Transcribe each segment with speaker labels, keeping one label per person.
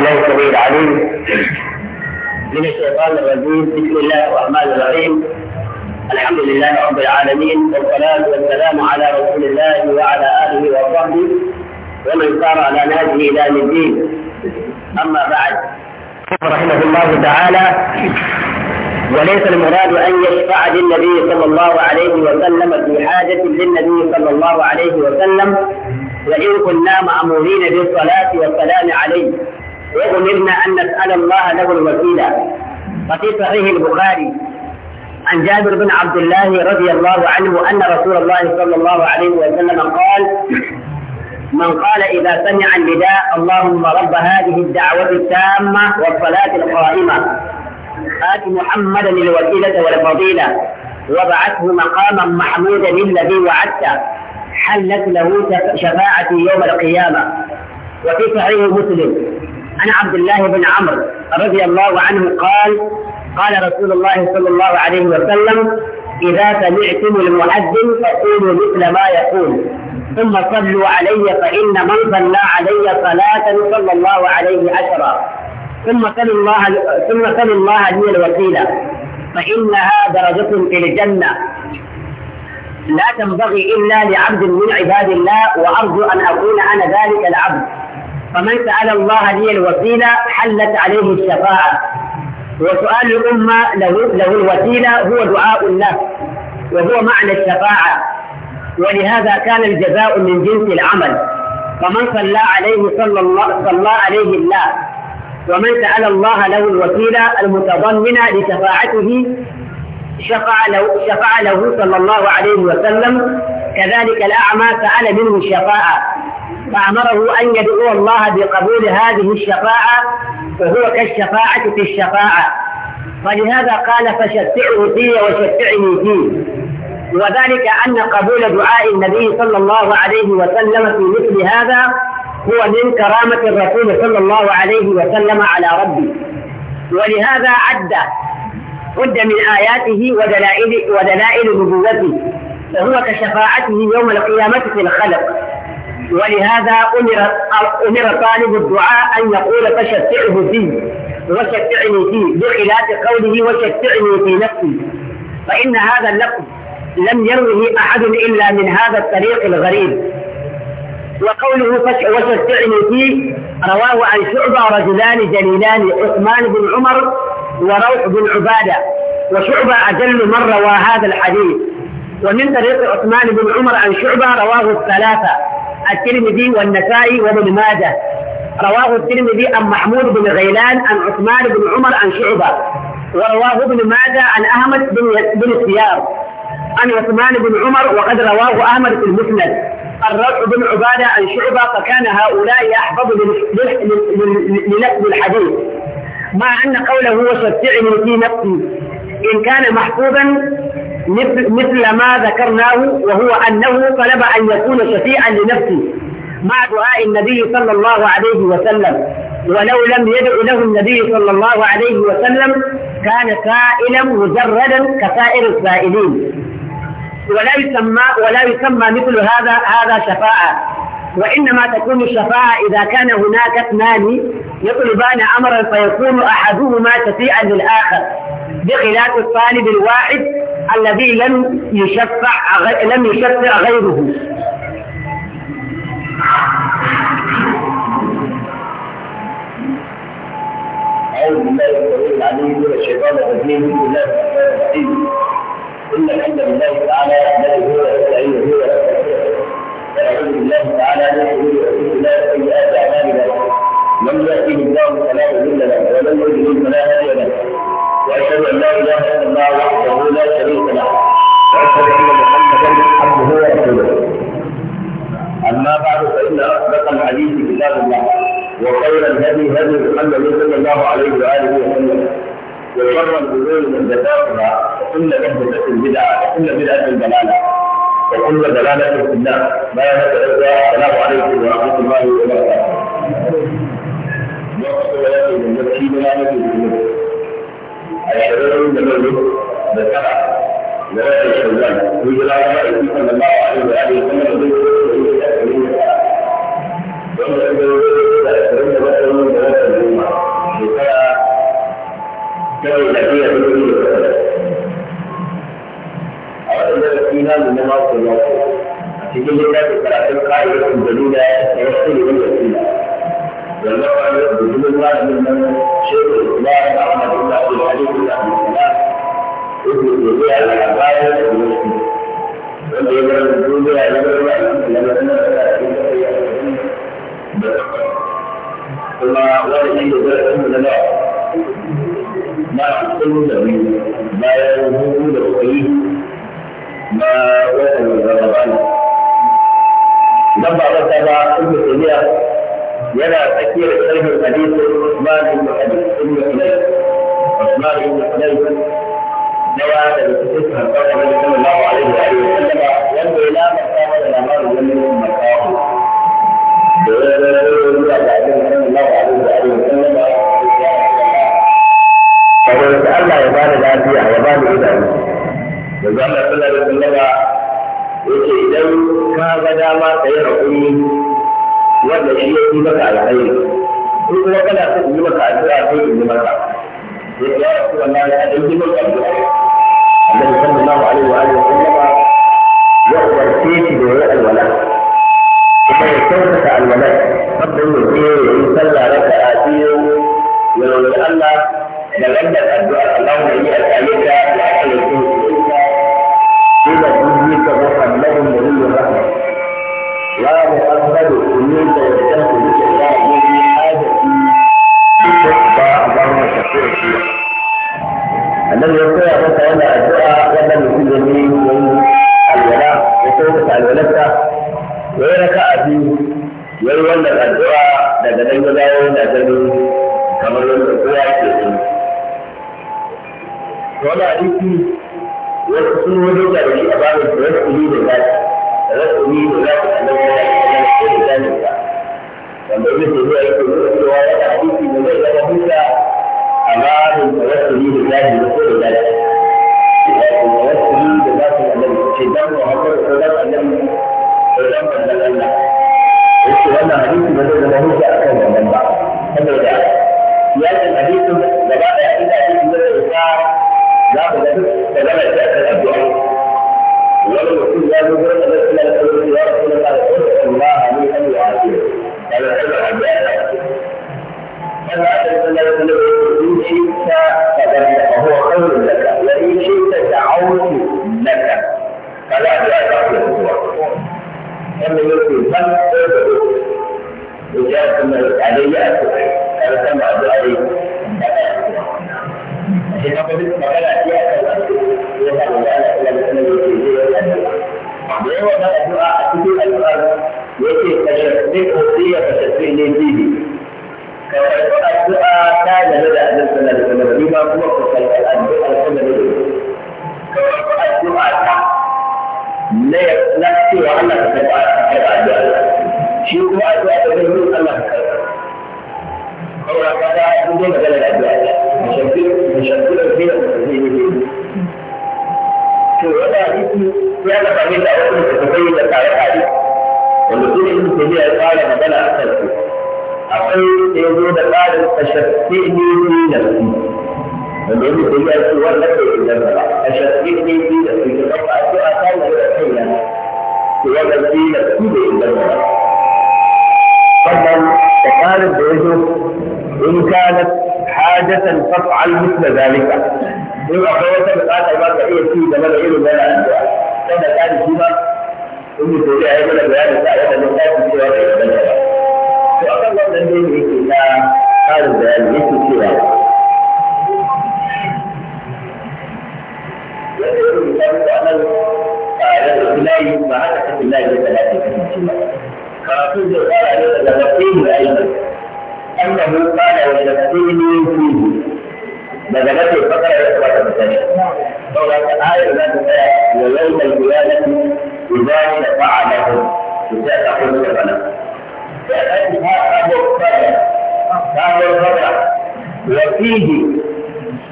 Speaker 1: الله السميع العليم من الشيطان الرجيم بسم الله الرحمن الرحيم
Speaker 2: الحمد لله رب العالمين والصلاة والسلام
Speaker 1: على رسول الله وعلى آله وصحبه ومن سار على نهجه إلى الدين
Speaker 2: أما بعد رحمه الله تعالى وليس المراد أن يشفع للنبي صلى الله عليه وسلم في حاجة للنبي صلى الله عليه وسلم وإن كنا مأمورين بالصلاة والسلام عليه وأمرنا أن نسأل الله له الوسيلة وفي صحيح البخاري
Speaker 3: عن جابر بن عبد الله رضي الله عنه أن رسول الله صلى الله عليه وسلم قال من قال إذا سمع النداء اللهم رب هذه الدعوة التامة والصلاة القائمة آت محمدا الوسيلة
Speaker 2: والفضيلة وبعثه مقاما محمودا الذي وعدته حلت له شفاعتي يوم القيامة وفي صحيح مسلم عن عبد الله بن عمرو رضي الله عنه قال قال رسول الله صلى الله عليه وسلم إذا سمعتم المؤذن فقولوا مثل ما يقول ثم صلوا علي فإن من صلى علي صلاة صلى الله عليه عشرا ثم صلوا الله ثم صلوا الله لي الوسيلة فإنها درجة في الجنة لا تنبغي إلا لعبد من عباد الله وأرجو أن أكون أنا ذلك العبد فمن سأل الله لي الوسيلة حلت عليه الشفاعة وسؤال الأمة له, له الوسيلة هو دعاء له وهو معنى الشفاعة ولهذا كان الجزاء من جنس العمل فمن صلى عليه صلى الله, صلى عليه الله ومن سأل الله له الوسيلة المتضمنة لشفاعته شفع له, شفع له صلى الله عليه وسلم كذلك الأعمى سأل منه الشفاعة فأمره أن يدعو الله بقبول هذه الشفاعة وهو كالشفاعة في الشفاعة فلهذا قال فشفعه في وشفعني فيه وذلك أن قبول دعاء النبي صلى الله عليه وسلم في مثل هذا هو من كرامة الرسول صلى الله عليه وسلم على ربه ولهذا عد عد من آياته ودلائل ودلائل نبوته فهو كشفاعته يوم القيامة في الخلق ولهذا أمر أمر طالب الدعاء أن يقول فشفعه فيه وشفعني فيه بخلاف قوله وشفعني في نفسي فإن هذا اللفظ لم يروه أحد إلا من هذا الطريق الغريب وقوله وشفعني فيه رواه عن شعبة رجلان جليلان عثمان بن عمر وروح بن عبادة وشعبة أجل من روى هذا الحديث ومن طريق عثمان بن عمر عن شعبة رواه الثلاثة الترمذي والنسائي وابن ماجه رواه الترمذي عن محمود بن غيلان عن عثمان بن عمر عن شعبة ورواه ابن ماجه عن أحمد بن بن السيار عن عثمان بن عمر وقد رواه أحمد في المسند الرفع بن عبادة عن شعبة فكان هؤلاء أحفظ للحديث مع أن قوله وشفعني في نفسي إن كان محفوظا مثل ما ذكرناه وهو أنه طلب أن يكون شفيعا لنفسه مع دعاء النبي صلى الله عليه وسلم ولو لم يدع له النبي صلى الله عليه وسلم كان سائلا مجردا كسائر السائلين ولا يسمى ولا يسمى مثل هذا هذا شفاعة وإنما تكون الشفاعة إذا كان هناك اثنان يطلبان أمرا فيكون أحدهما شفيعا للآخر بخلاف الطالب الواحد الذي لم يشفع لم يشفع غيره
Speaker 1: أعوذ بالله من الشيطان الرجيم بسم الله الرحمن الرحيم إن الحمد لله تعالى نحمده ونستعينه ونستغفره ونعوذ بالله تعالى من شرور انفسنا وسيئات اعمالنا من يأتيه الله فلا مضل له ومن يضلل فلا هادي وأشهد أن لا إله إلا الله وحده لا شريك له وأشهد أن محمدا عبده ورسوله أما بعد فإن أصدق الحديث كتاب الله وخير الهدي هدي محمد صلى الله عليه وآله وسلم وشر الأمور محدثاتها وكل محدثة بدعة وكل بدعة ضلالة وكل دلالة في الناس ما يتعرض السلام عليكم ورحمة الله وبركاته الشباب من الملوك بالسبع wanda ibn tafiya yake nuna cewa yana aiki da zai zama hujja a babin tawassuli da zaji da ko da zaji wato tawassuli da zaji annabi ce dan Muhammad ko dan annabi ko
Speaker 3: dan manzon Allah
Speaker 1: yace wannan hadisi ba zai zama hujja akan wannan ba saboda yakin hadisin gaba da inda hadisi zai rufa za mu ga duk da gaba da addu'a ولم يكن ذلك الا الحلول يا رسول الله اتق ان يعافيه قال حلو عباده فما اتيت الله يقول ان شئت فهو خير لك وان شئت دعوت لك فلا جاء لك الصور كما يمكن ان وجاءت النبي علي قال سمع دعائي فلا يقول فلا جاء لك الصور لأن الدعاء في القرآن يأتي تشبه في تشبه لديه
Speaker 3: الدعاء كان لدى أهل السنة والسلام بما هو الدعاء كان لديه الدعاء لا يكفي وأنا تتبع الدعاء شيء
Speaker 1: هو الدعاء تبين الله أولا كذا تبين مثلا الدعاء مشبه مشبه في المسلمين hadisi ya na same ta wasu littattafai da kare-kare wanda su ne ibn tabiya ya fara magana a kan su akwai da ya zo da tsarin tashaffi
Speaker 3: ne ne na su wanda ibn tabiya ya ce wannan bai inganta ba tashaffi ne ne na su ke kafa a
Speaker 1: cewa ta yi da kai na ke wannan ne na su bai inganta ba sannan da tsarin da ya zo in kanat hajatan fas'al misla zalika in akwai wata buƙatar ba ka iya ci game da irin wannan addu'a kada ka ji shi ma in mu tafi a yi mana bayani ta yadda mun ta ci cewa da yadda ba
Speaker 3: to akan wannan dai ne yake na ƙarin bayani yake cewa yadda ya rubuta muku a nan a yadda filayi ba haka ta filayi da talatin kasance ba
Speaker 1: karatun zai fara ne daga tafiyin da aiki annahu kana wa tafiyin yin fiye daga nan ne bakara ya kamata mu sani saboda ka ayar za ta tsaya wa yawmal qiyamati idan fa'alahu to sai ka kuma da bana sai ka ji ha abu fara ta ga fara wa fihi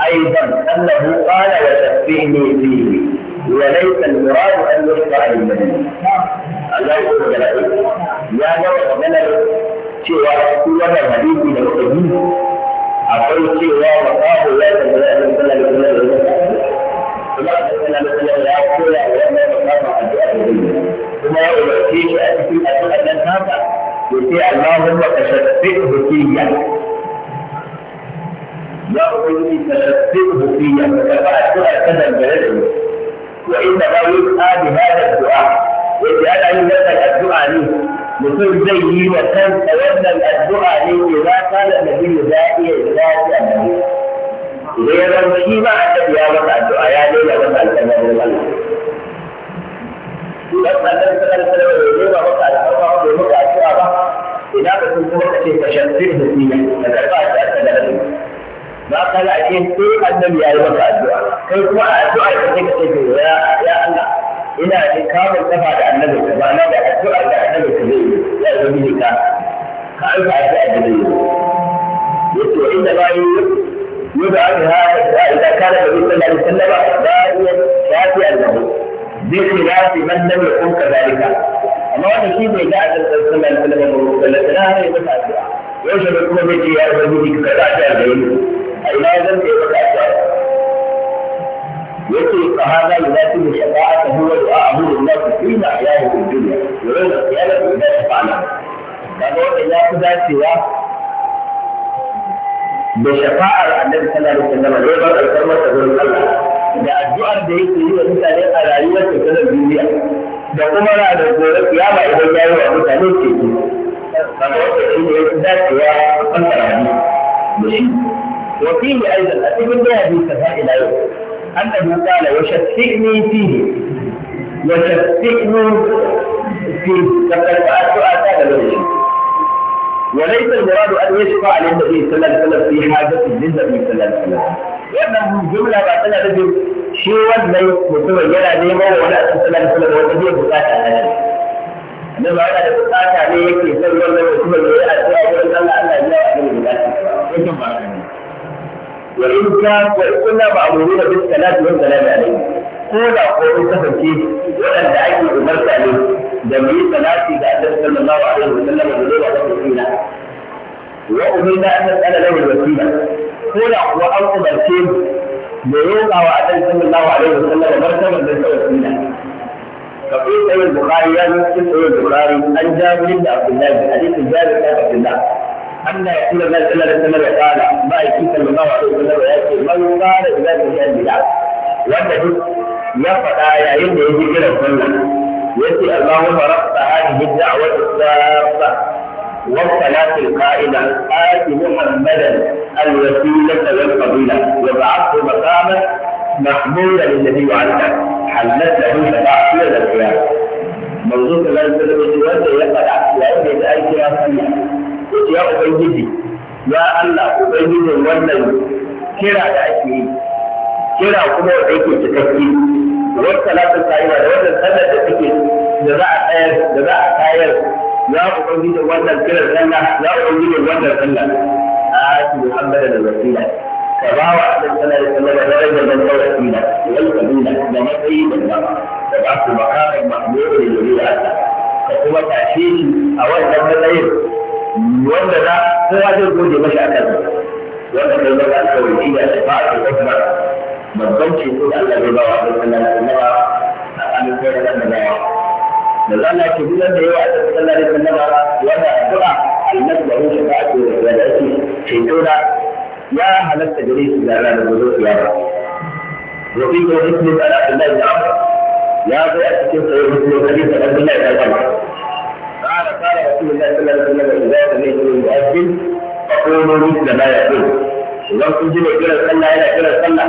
Speaker 1: aidan annahu qala wa tasbihu fihi
Speaker 3: وليس المراد ان يرفع المدن.
Speaker 1: الله يقول يا جماعه من cewa su wannan hadisi da muka yi akwai cewa wa kawo ya tambaya da kula da kula da kuma da kula da kula ya koya wa wannan makaman addu'a da zai kuma ya umarce shi a cikin addu'a nan haka
Speaker 2: ya ce Allahumma ka shafi hukiyya
Speaker 1: ya ubangiji ka shafi hukiyya ka ba addu'a ta dangane da ni wa inna ma yus'a bi hadha du'a yake ana yin wannan addu'a ne mutum zai yi wa kansa wannan addu'a ne ke za ta da nabi ya iya lafiya da mu idan ya zama shi ba annabi ya masa addu'a ya daina masa alƙalamin Allah idan annabi sallallahu alaihi wasallam bai ba masa alƙalama bai masa addu'a ba idan ka sun kuma kace ka shafir da shi ka karba ta ta da nabi ba ka la ake sai annabi ya yi masa addu'a kai kuma addu'a ka ce ka ce ya ya Allah ina ne kamun kafa da annabi ka ma'ana da addu'a da annabi ka zai ya zama ne ka
Speaker 3: ka aika a sai annabi ya yace wa inda bayi yuda an hada da idan kana da sallallahu alaihi wasallam da ya shafi annabi zai ce ya fi man ya yakun kadalika amma wannan shi bai ga annabi sallallahu alaihi wasallam ba sallallahu alaihi yau shi kuma bai ce ya zama ka da da
Speaker 1: a ina zan kai maka addu'a يكي فهذا يناسب شفاعته هو دعاء حين احياه في الدنيا يقول القيامه اذا شفع له هذا هو اذا كذا سوى بشفاعة النبي صلى الله عليه وسلم يقدر الكلمة تقول الله da addu'ar da yake yi wa mutane a rayuwar ta ta duniya da kuma na da gobe kiyama idan ya yi wa mutane ke yi kamar wanda shi ne yake dacewa kan karatu da shi وفيه ايضا اتمنى هذه الى يوم أنه قال وشككني فيه وشككني فيه فقد فأت آثار الوجه وليس المراد أن يشفع للنبي صلى الله عليه وسلم في حاجة للنبي صلى الله عليه وسلم لأنه جملة بعد ذلك تجد شيوا لي مثل يلا ديما ولا صلى الله عليه وسلم وتجد بقاك على ذلك
Speaker 3: لما أنا بقاك عليك يسوي الله مثل يلا ديما ولا صلى الله عليه وسلم وتجد بقاك على ذلك
Speaker 1: وإن كان كنا مأمورون بالصلاة والسلام عليه كنا قوم كفنتي وأن دعيت أمرت عليه جميع صلاتي بعد صلى الله عليه وسلم بدور على الوسيلة وأمرنا أن نسأل له الوسيلة كنا وأن أمرتين بلوغ وعد صلى الله عليه وسلم مرتبة من الوسيلة فقيل أي البخاري يا مسلم أي البخاري أن جابر بن عبد الله حديث جابر بن عبد الله أن رسول الله صلى الله عليه قال ما يكون من الله عليه وسلم يأتي من قال إذا كنت البدع وانت يفقى يا إن يجي كلا السنة يأتي اللهم رب هذه الدعوة السارة والصلاة القائمة آت محمدا الوسيلة والفضيلة وبعثت مقاما محمودا للنبي عنه حلت له شفاعة إلى القيامة. موضوع الله صلى الله عليه وسلم يقول يا إني تأتي ya ubangiji ya Allah ubangijin wannan kira da ake yi kira kuma wanda yake cikakke wata latin sayuwa da wannan sallar da take da za a tsayar da za a tayar ya ubangijin wannan kiran sallah ya ubangijin wannan sallah a ake muhammadin da wasila ka ba wa Allah sallallahu alaihi wasallam darajar da wasila wal kabila da matsayi da dama da ba su makamin mahmudu da yuri Allah ka kuma tashe shi a wannan matsayin wanda za kowa zai gode mashi akan wanda zai zama alkawari shi ne shafa'atu akbar babban ceto da Allah zai
Speaker 3: ba wa sallallahu alaihi wasallam a amince da annabawa
Speaker 1: da zalla ke gudan da yawa a sallallahu alaihi ba, wanda addu'a annabi da ruhu shafa'atu da da ake ceto da ya halatta gare shi da ranar gobe kiyama وفي مسلم عن عبد الله بن عمرو يا ابي cikin مسلم حديث عبد الله بن عمرو قال قال رسول الله صلى الله عليه وسلم اذا سمعتم المؤذن فقولوا مثل ما يقول idan kun ji mai kiran sallah yana kiran sallah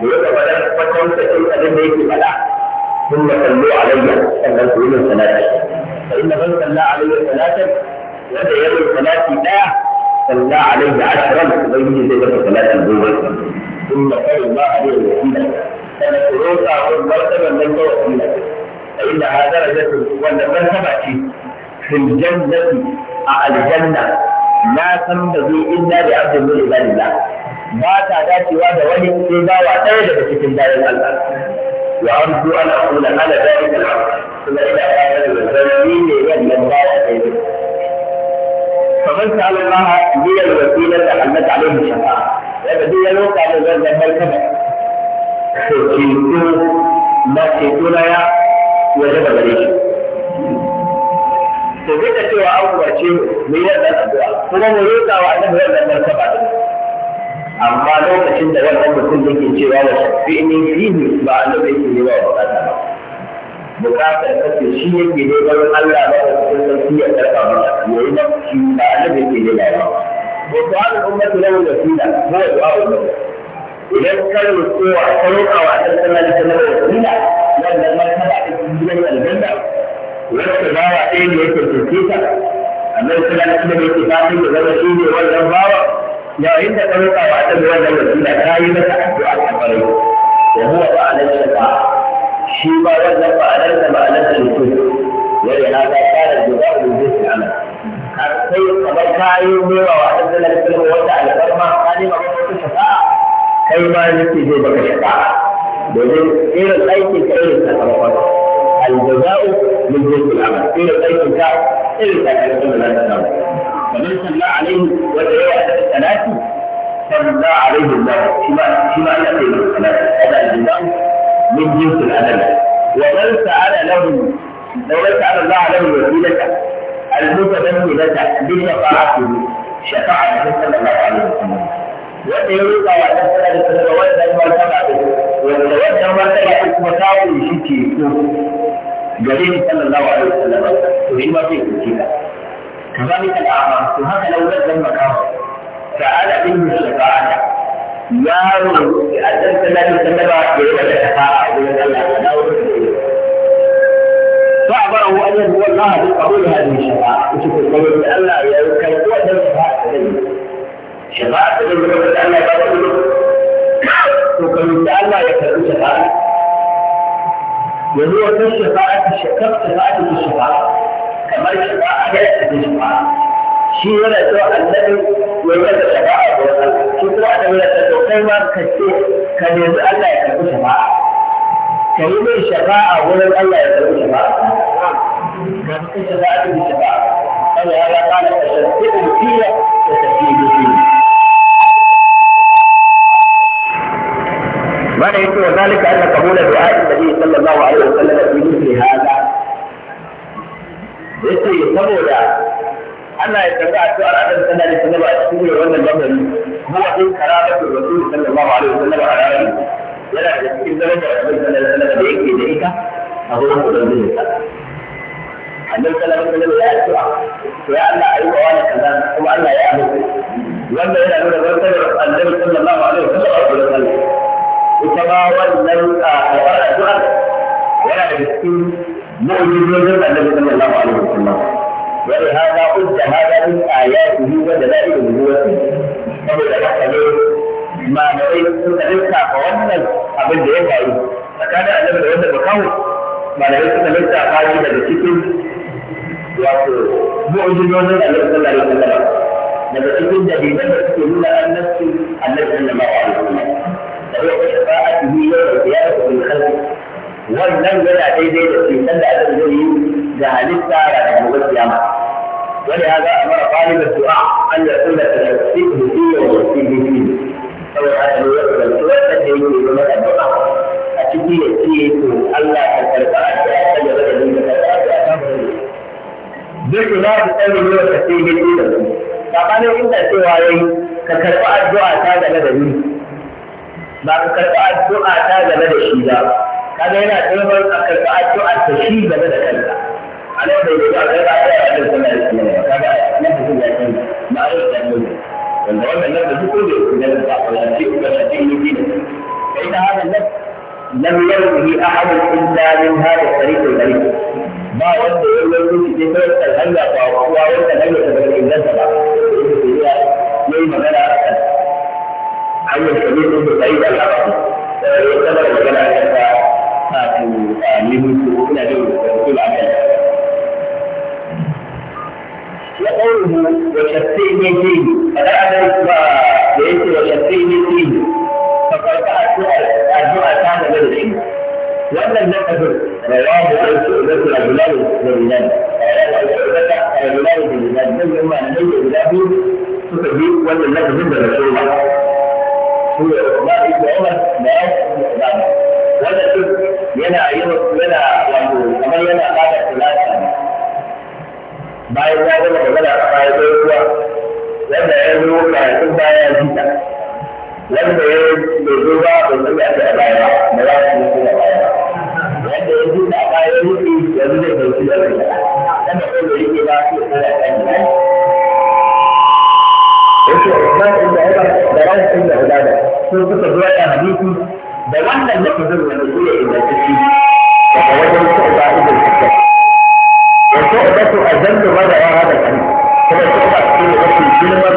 Speaker 1: da ya gaba da fatan sakin abin da yake faɗa sun ma sallu alayya sannan ku yi min salati fa inna man salla alayya salatan wanda ya yi salati daya salla alayya ashran ubangiji zai masa salati goma sun ma kare ma alayya wasila sannan ku roƙa wa martaban nan ga wasila fa inna hadara da wannan martaba ce في الجنة الجنة لا تنبغي إلا لعبد من عباد الله ما تعداد سواد ولي إلا وعتاد بشكل دار الأرض وأرجو أن أقول على ذلك العرض ثم إلى هذا الوزنين يجب أن لا فمن سأل الله لي الوسيلة تحمد عليه الشفاعة لبدي يلوك على ذلك الملكمة خشيتو ما خشيتو لا يا وجب عليه
Speaker 3: mu rika cewa an umarce mu mu yi wannan addu'a kuma mu rika wa annabi wannan martaba din amma lokacin da wannan mutum yake cewa wa shafi'ni
Speaker 1: fihi ba annabi yake ne ba bukata ba bukatar kace shi yake ne ba Allah ba da cikin sarki ya karba masa yayi ba shi ba annabi yake ne ba وسؤال الأمة له وسيلة هو دعاء الأمة إذا كان الصور خلق أو أسلم لسنة وسيلة لأن المرتبة في الجنة والجنة wata bawa ɗaya ne yake fifita annabi na alaihi wasallam yake fatan da zama shi ne wannan bawa yayin da ɗauka wa da wasu da ta yi masa addu'a ta faru da huwa ba'alan shafa shi ba wannan ba'alan da ba'alan da mutum wanda ya ga tsara da ba da zai fi amal har kamar ka yi mewa wa ɗan sallallahu alaihi wata alfarma ka nema wata
Speaker 3: shafa'a kai ma nake zai baka shafa'a domin
Speaker 1: irin aikin ka irin sakamakon الجزاء من جنس العمل في البيت بتاعه الا ان يكون لا تداوم فمن صلى عليه ودعاء الثلاث صلى عليه الله فيما فيما ياتي من الثلاث هذا الجزاء من جنس العمل ومن سأل له لو سأل الله له الوسيلة المتمثلة بشفاعته شفاعة صلى الله عليه وسلم
Speaker 3: wanda ya roƙa ya san tana da sadaka wannan martaba ne wanda wannan martaba ko kuma ta kunshi
Speaker 1: ceto gare ni sallallahu alaihi wasallam to shi ma sai kuce ka كذلك الأعمى وهذا لو لزم مكانه فعلى منه الشفاعة يا رب أنت لا تتنبع إلى الشفاعة
Speaker 3: إلى الله
Speaker 2: فأخبره
Speaker 3: أنه هو الله بقبول
Speaker 1: هذه الشفاعة وشكر قبول الله يا رب كان هو شفاعة تقول الله يقول وكان الله يكتب شفاعة وهو في الشفاعة كف شفاعة الشفاعة كما الشفاعة لا شفاعة شيء ولا سوى النبي ولا الشفاعة شكرا أن ولا تتوقع ما كتير كان يقول الله يكتب شفاعة
Speaker 3: شفاعة ولا الله يكتب شفاعة كان في شفاعة الشفاعة قال هذا قال تشفعوا فيها وتسليموا فيها
Speaker 1: معنى يكون ذلك ان قبول دعاء النبي صلى الله عليه وسلم في مثل هذا يسري قبول ان يتبع سؤال عن ان النبي صلى الله عليه وسلم وان المظلم هو في كرامه الرسول صلى الله عليه وسلم على العالم يلا يمكن ان يكون النبي صلى الله عليه وسلم بيك يديك او يقول له ذلك عن ان النبي صلى الله عليه وسلم يا ايها الله كذا ثم ان يا ابو وان يلا يقول له النبي صلى الله عليه وسلم ita ma wannan ah, addu'ar yana da cikin mu'jizojin annabi sallallahu alaihi wasallam wani hada udda hada min ayatihi wa dalail nubuwwati saboda haka ne malamai suka lissafa wannan abin da ya faru tsakanin annabi da wanda ba kawo malamai suka lissafa shi daga cikin
Speaker 3: wato mu'jizojin annabi sallallahu alaihi wasallam daga cikin dalilan da suke nuna annabcin annabi sallallahu alaihi wasallam وشفاعته يوم القيامة من
Speaker 1: خلقه wannan yana daidai da cutar da aka zai yi ga halitta da gobe ma. wani ya ga amara fari da du'a an da sunna ta shi ku ji ya wuce ne ne saboda haka ne ya kasance wanda da yake zama da du'a a ciki ya ce to Allah ka karba a ta ta da da ni da ta ta ta duk za ta tsaya ne ka ce ne ne da ku tsakanin inda cewa yayi ka karba addu'a ta da da ba ka karɓi addu'a ta game da shi ba kaga yana taimakon a karɓi addu'a ta shi game da kanka a nan bai zuwa kai ba ta yadda kuma da shi ne kaga nan da kuma yakin ma'aikata da mu wanda wannan nan da duk da yake da ba a lalace ba da cikin yi ne kai ta haka nan lam yarhi ahad illa min hada tariq al-gharib ba wanda ya yi wani shi sai ta hanya ba kowa wanda nan ya tabbata inganta الجميل منذ بعيد الأمر يعتبر مجال هذا لمن الرسول عليه وقوله وشفيني فيه فلا ليس وشفيني فيه فقد الدعاء كان من العلم وأما النفذ رواه رسول رجلان بالبلاد رجلان بالبلاد بل هو أن يجد له تفجير وأن النفذ من رسول الله هو ما يقوله ما يقوله wanda duk yana yi yana wato kamar yana bada kulasa
Speaker 3: bayan ya gama magana bayan zai zuwa wanda ya zo karatun baya
Speaker 1: jita wanda ya bai zo ba bai san da aka baya ba ba za su yi da baya wanda ya jita a baya ya rufe yanzu zai bai shi da rufe wanda ko da
Speaker 3: yake ba su da kan gida yake Usman inda Umar
Speaker 1: da Rauf inda Ubada ko suka zo da hadisi da wannan da zan wani zuwa ingantacce daga wajen shu'ba da hajjaj wa shu'batu azallu da ya hada kan kuma shu'ba ce da shi girman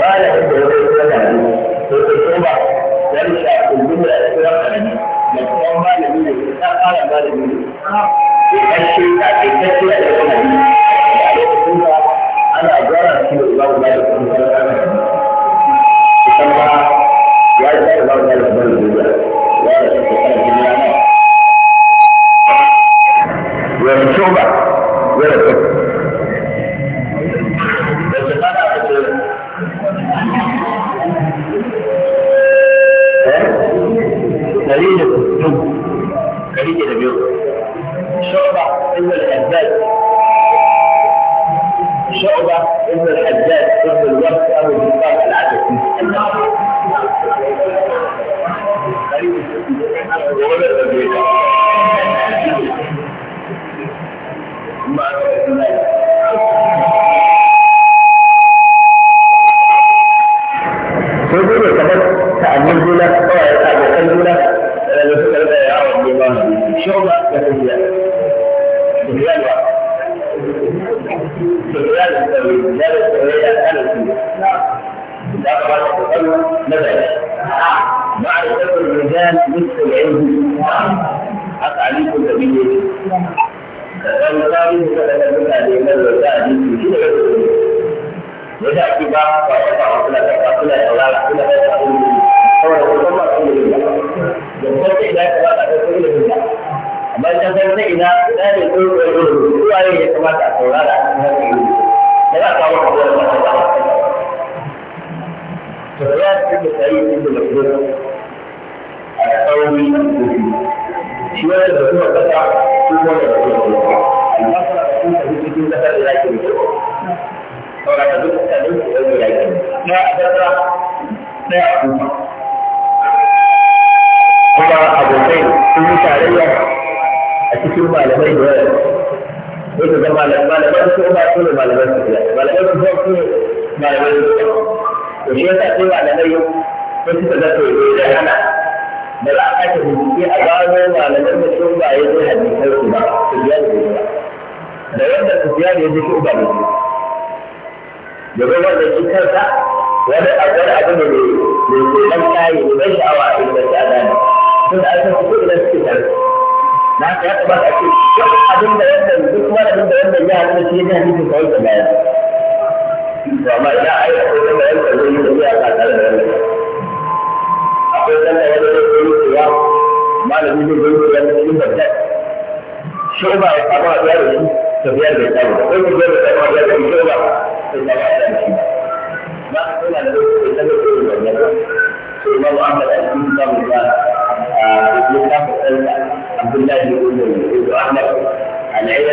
Speaker 1: malamin da ya zo da hadisi to sai shu'ba ya rushe ulumul al-islam da kuma malami ne ta fara malami ne sai shi ta kai ta ce da wannan
Speaker 3: hadisi da lokacin da
Speaker 1: ana gara shi da Imam Malik bin Anas wọ́n lẹ́sẹ̀ gbé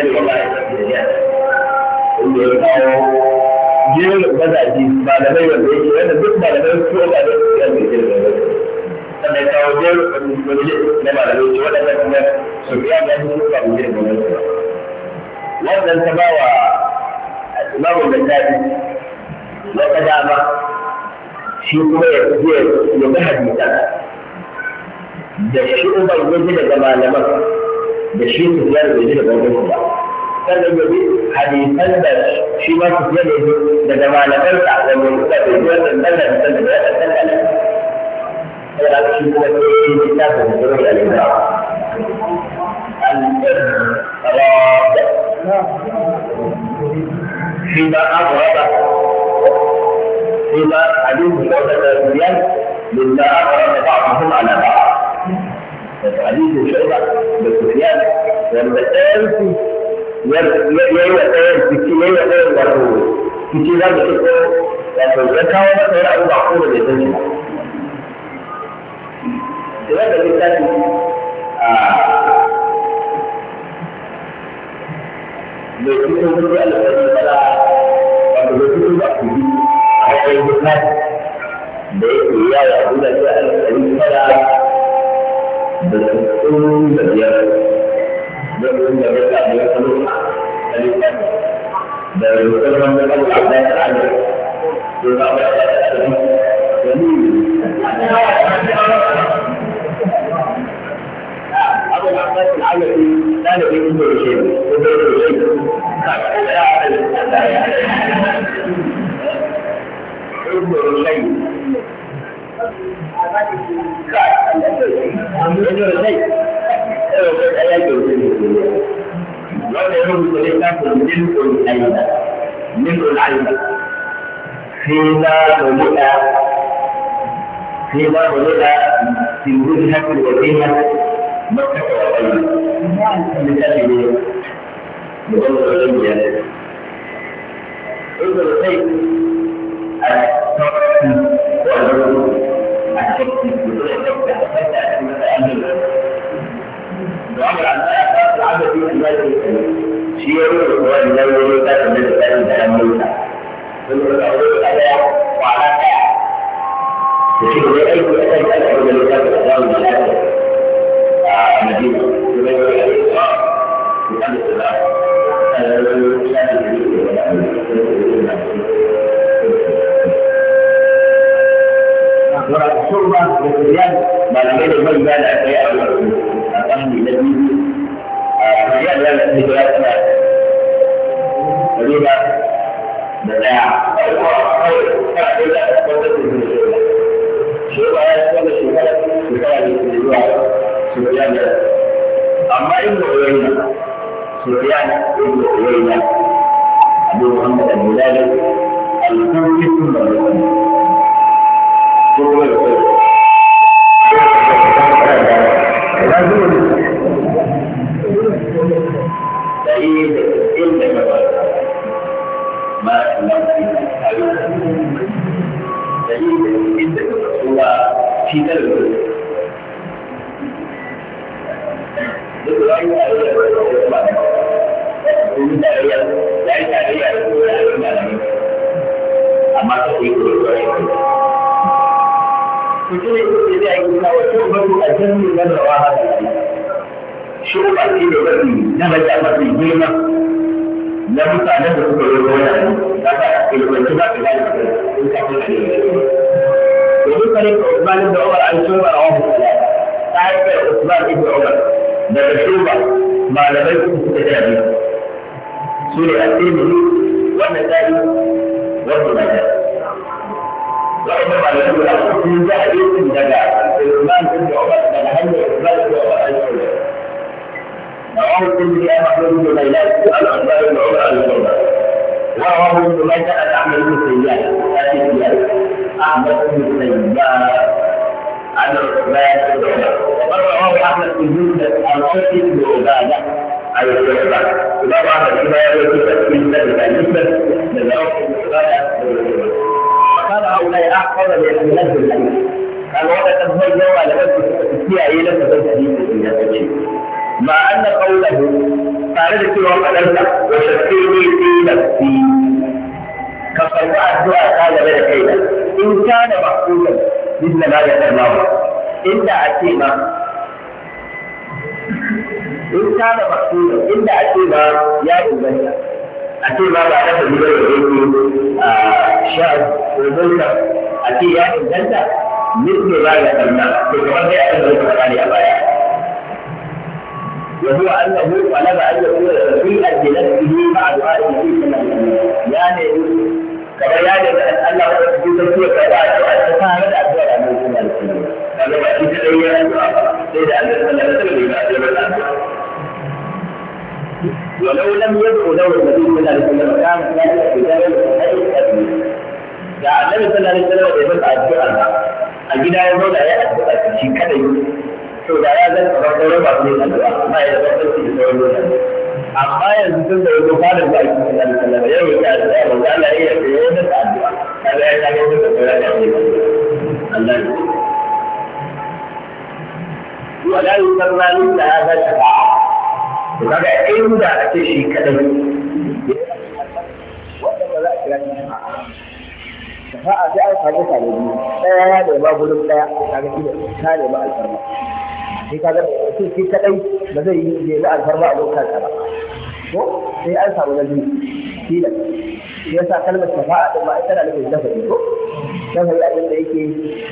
Speaker 1: da ba ba ya san shari'a inda ya kawo jerin mazaji malamai wanda yake wanda duk malamai su ba da su yan da jerin mazaji sannan kawo jerin mazaji na malamai ce waɗanda kuma su biya da su ba mu jerin mazaji wannan ta ba wa imamun da tafi wata dama shi kuma ya je ya ga hadisan da shi umar ya ji daga malaman da shi su biyar da daga wajen ba sannan ya bi hadisan da shi ma su fiye da daga malaman sa da mai suka da yi wannan sallah da sallah da
Speaker 3: wannan sallah da saboda haka shi kuma sai ya yi ta da zuwa da lura al-irrada
Speaker 1: shi ba aqraba
Speaker 3: shi ba hadisi ko da biyan lilla aqraba ba'dhum ala ba'd حديث شعبة
Speaker 1: بسفيان لما سألت ya yi wa ɗayan jiki ya yi wa ɗayan wato jiki za mu ko wato ya kawo masa wani abu ba ko da bai san shi ba. Da wanda a mai cikin wani alƙarfi bala wato mai cikin ba ku a matsayin littafi da a gudanar da alƙarfi bala da su da biyar Belum dia berkat dia keluar dari kan.
Speaker 3: Dari kan orang dia keluar dari kan. Dia tak berkat Jadi Aku nak kata ada di ada di Indonesia. Indonesia. Tak ada ada.
Speaker 1: Indonesia. Indonesia ɗaukar ɗaya ke wanda ya rubuta littafin milkul aida milkul aida fi ma mulida fi ma mulida fi wuri hakan da kenya makaka wa aida misali ne da wanda ya rubuta ne ibn sayyid a tsawon a cikin yake shi ya rufe wannan wani ka da da kan da an mutu sun rufe a wurin da ya kwana daya
Speaker 3: da shi ne aiki a kan kan da ya ka da zamu da a madina kuma ya yi a kan da za a
Speaker 1: ورا الشرطة والصبيان ما لم يجد من بال أشياء الأمر الأمر الذي dia adalah dijelaskan riba dan Suriana, amma ibnu Uyayna, Suriana ibnu Uyayna, Abu Muhammad al-Mudali, al-Kufi ibnu Malik. Kufi ibnu Jadi kita keluar Tidak Jadi, saya ingin tahu, cuba buka jenis dan rawa hati. Cuba tidak berhenti, dan baca berhenti, na mutanen da suka yi wani abu da ka ilmanci ba ka gane ba in ka kuma ne to dukkanin Usman da Umar an shuba a wani ta haifar Usman ibn Umar daga shuba malamai su suka gina biyu su ne al-Tirmidhi wannan tsari wannan ba ta
Speaker 3: wa'anda malamai da su yi za a yi daga Usman ibn Umar daga hanyar Usman ibn Umar an shuba
Speaker 1: رواه الترمذي عن محمود بن ميلاد والانصار بن عمر الجنه ورواه ابن ماجه عن احمد بن سياد احمد بن
Speaker 3: سياد عن عثمان بن عمر ورواه احمد بن يوسف
Speaker 1: عن اوس بن عباده عن الشعبان وروى احمد بن يوسف بن عباده بن عباده وقال هؤلاء احفظ من النبي قال وقد تزوج على نفسه في عيله فتنتهي في مع أن قوله قالت في وقت لنا وشكيني في نفسي كفرت الدعاء قال بين كيلا إن كان مقبولا مثل ما ذكر إلا إن أتينا إن كان مقبولا إن أتينا يا أمي أتينا بعد أن يقول لك آه، شاب وملكة أتي يا أمي مثل ما ذكرنا بكرة هي أمي وكان وهو انه طلب ان يكون شيئا لنفسه مع دعاء النبي صلى الله عليه وسلم يعني كما يعني ان الله في تسويه كذا فهذا الدعاء النبي صلى الله عليه وسلم هذا ما في تسويه الدعاء النبي صلى الله عليه وسلم ولو لم يدعو له النبي صلى الله عليه وسلم كان ذلك في ذلك اي تسويه da annabi sallallahu alaihi wasallam bai fada addu'a ba a gida ya zauna ya addu'a shi kadai to da ya zai kamar sauran ba su ne na amma ya zama sarki da sauran mutane amma yanzu tun da yanzu fadar ba shi ne na sallama yau ya ce ya ba za a iya ce ya wata addu'a kaga ya kaga wata sauran ya ce Allah ya ولا يسمى مثل هذا شفاعة وكذا أي مدى أتشي كذا shafa'a sai an samu tare biyu ɗaya ya nema gurin ɗaya a tare da ta nema alfarma sai ka ga sai shi kadai ba zai yi zai alfarma a lokacin ba ko sai an samu na biyu shi da shi yasa kalmar shafa'a din ma tana nufin nafari ko nafari abin da yake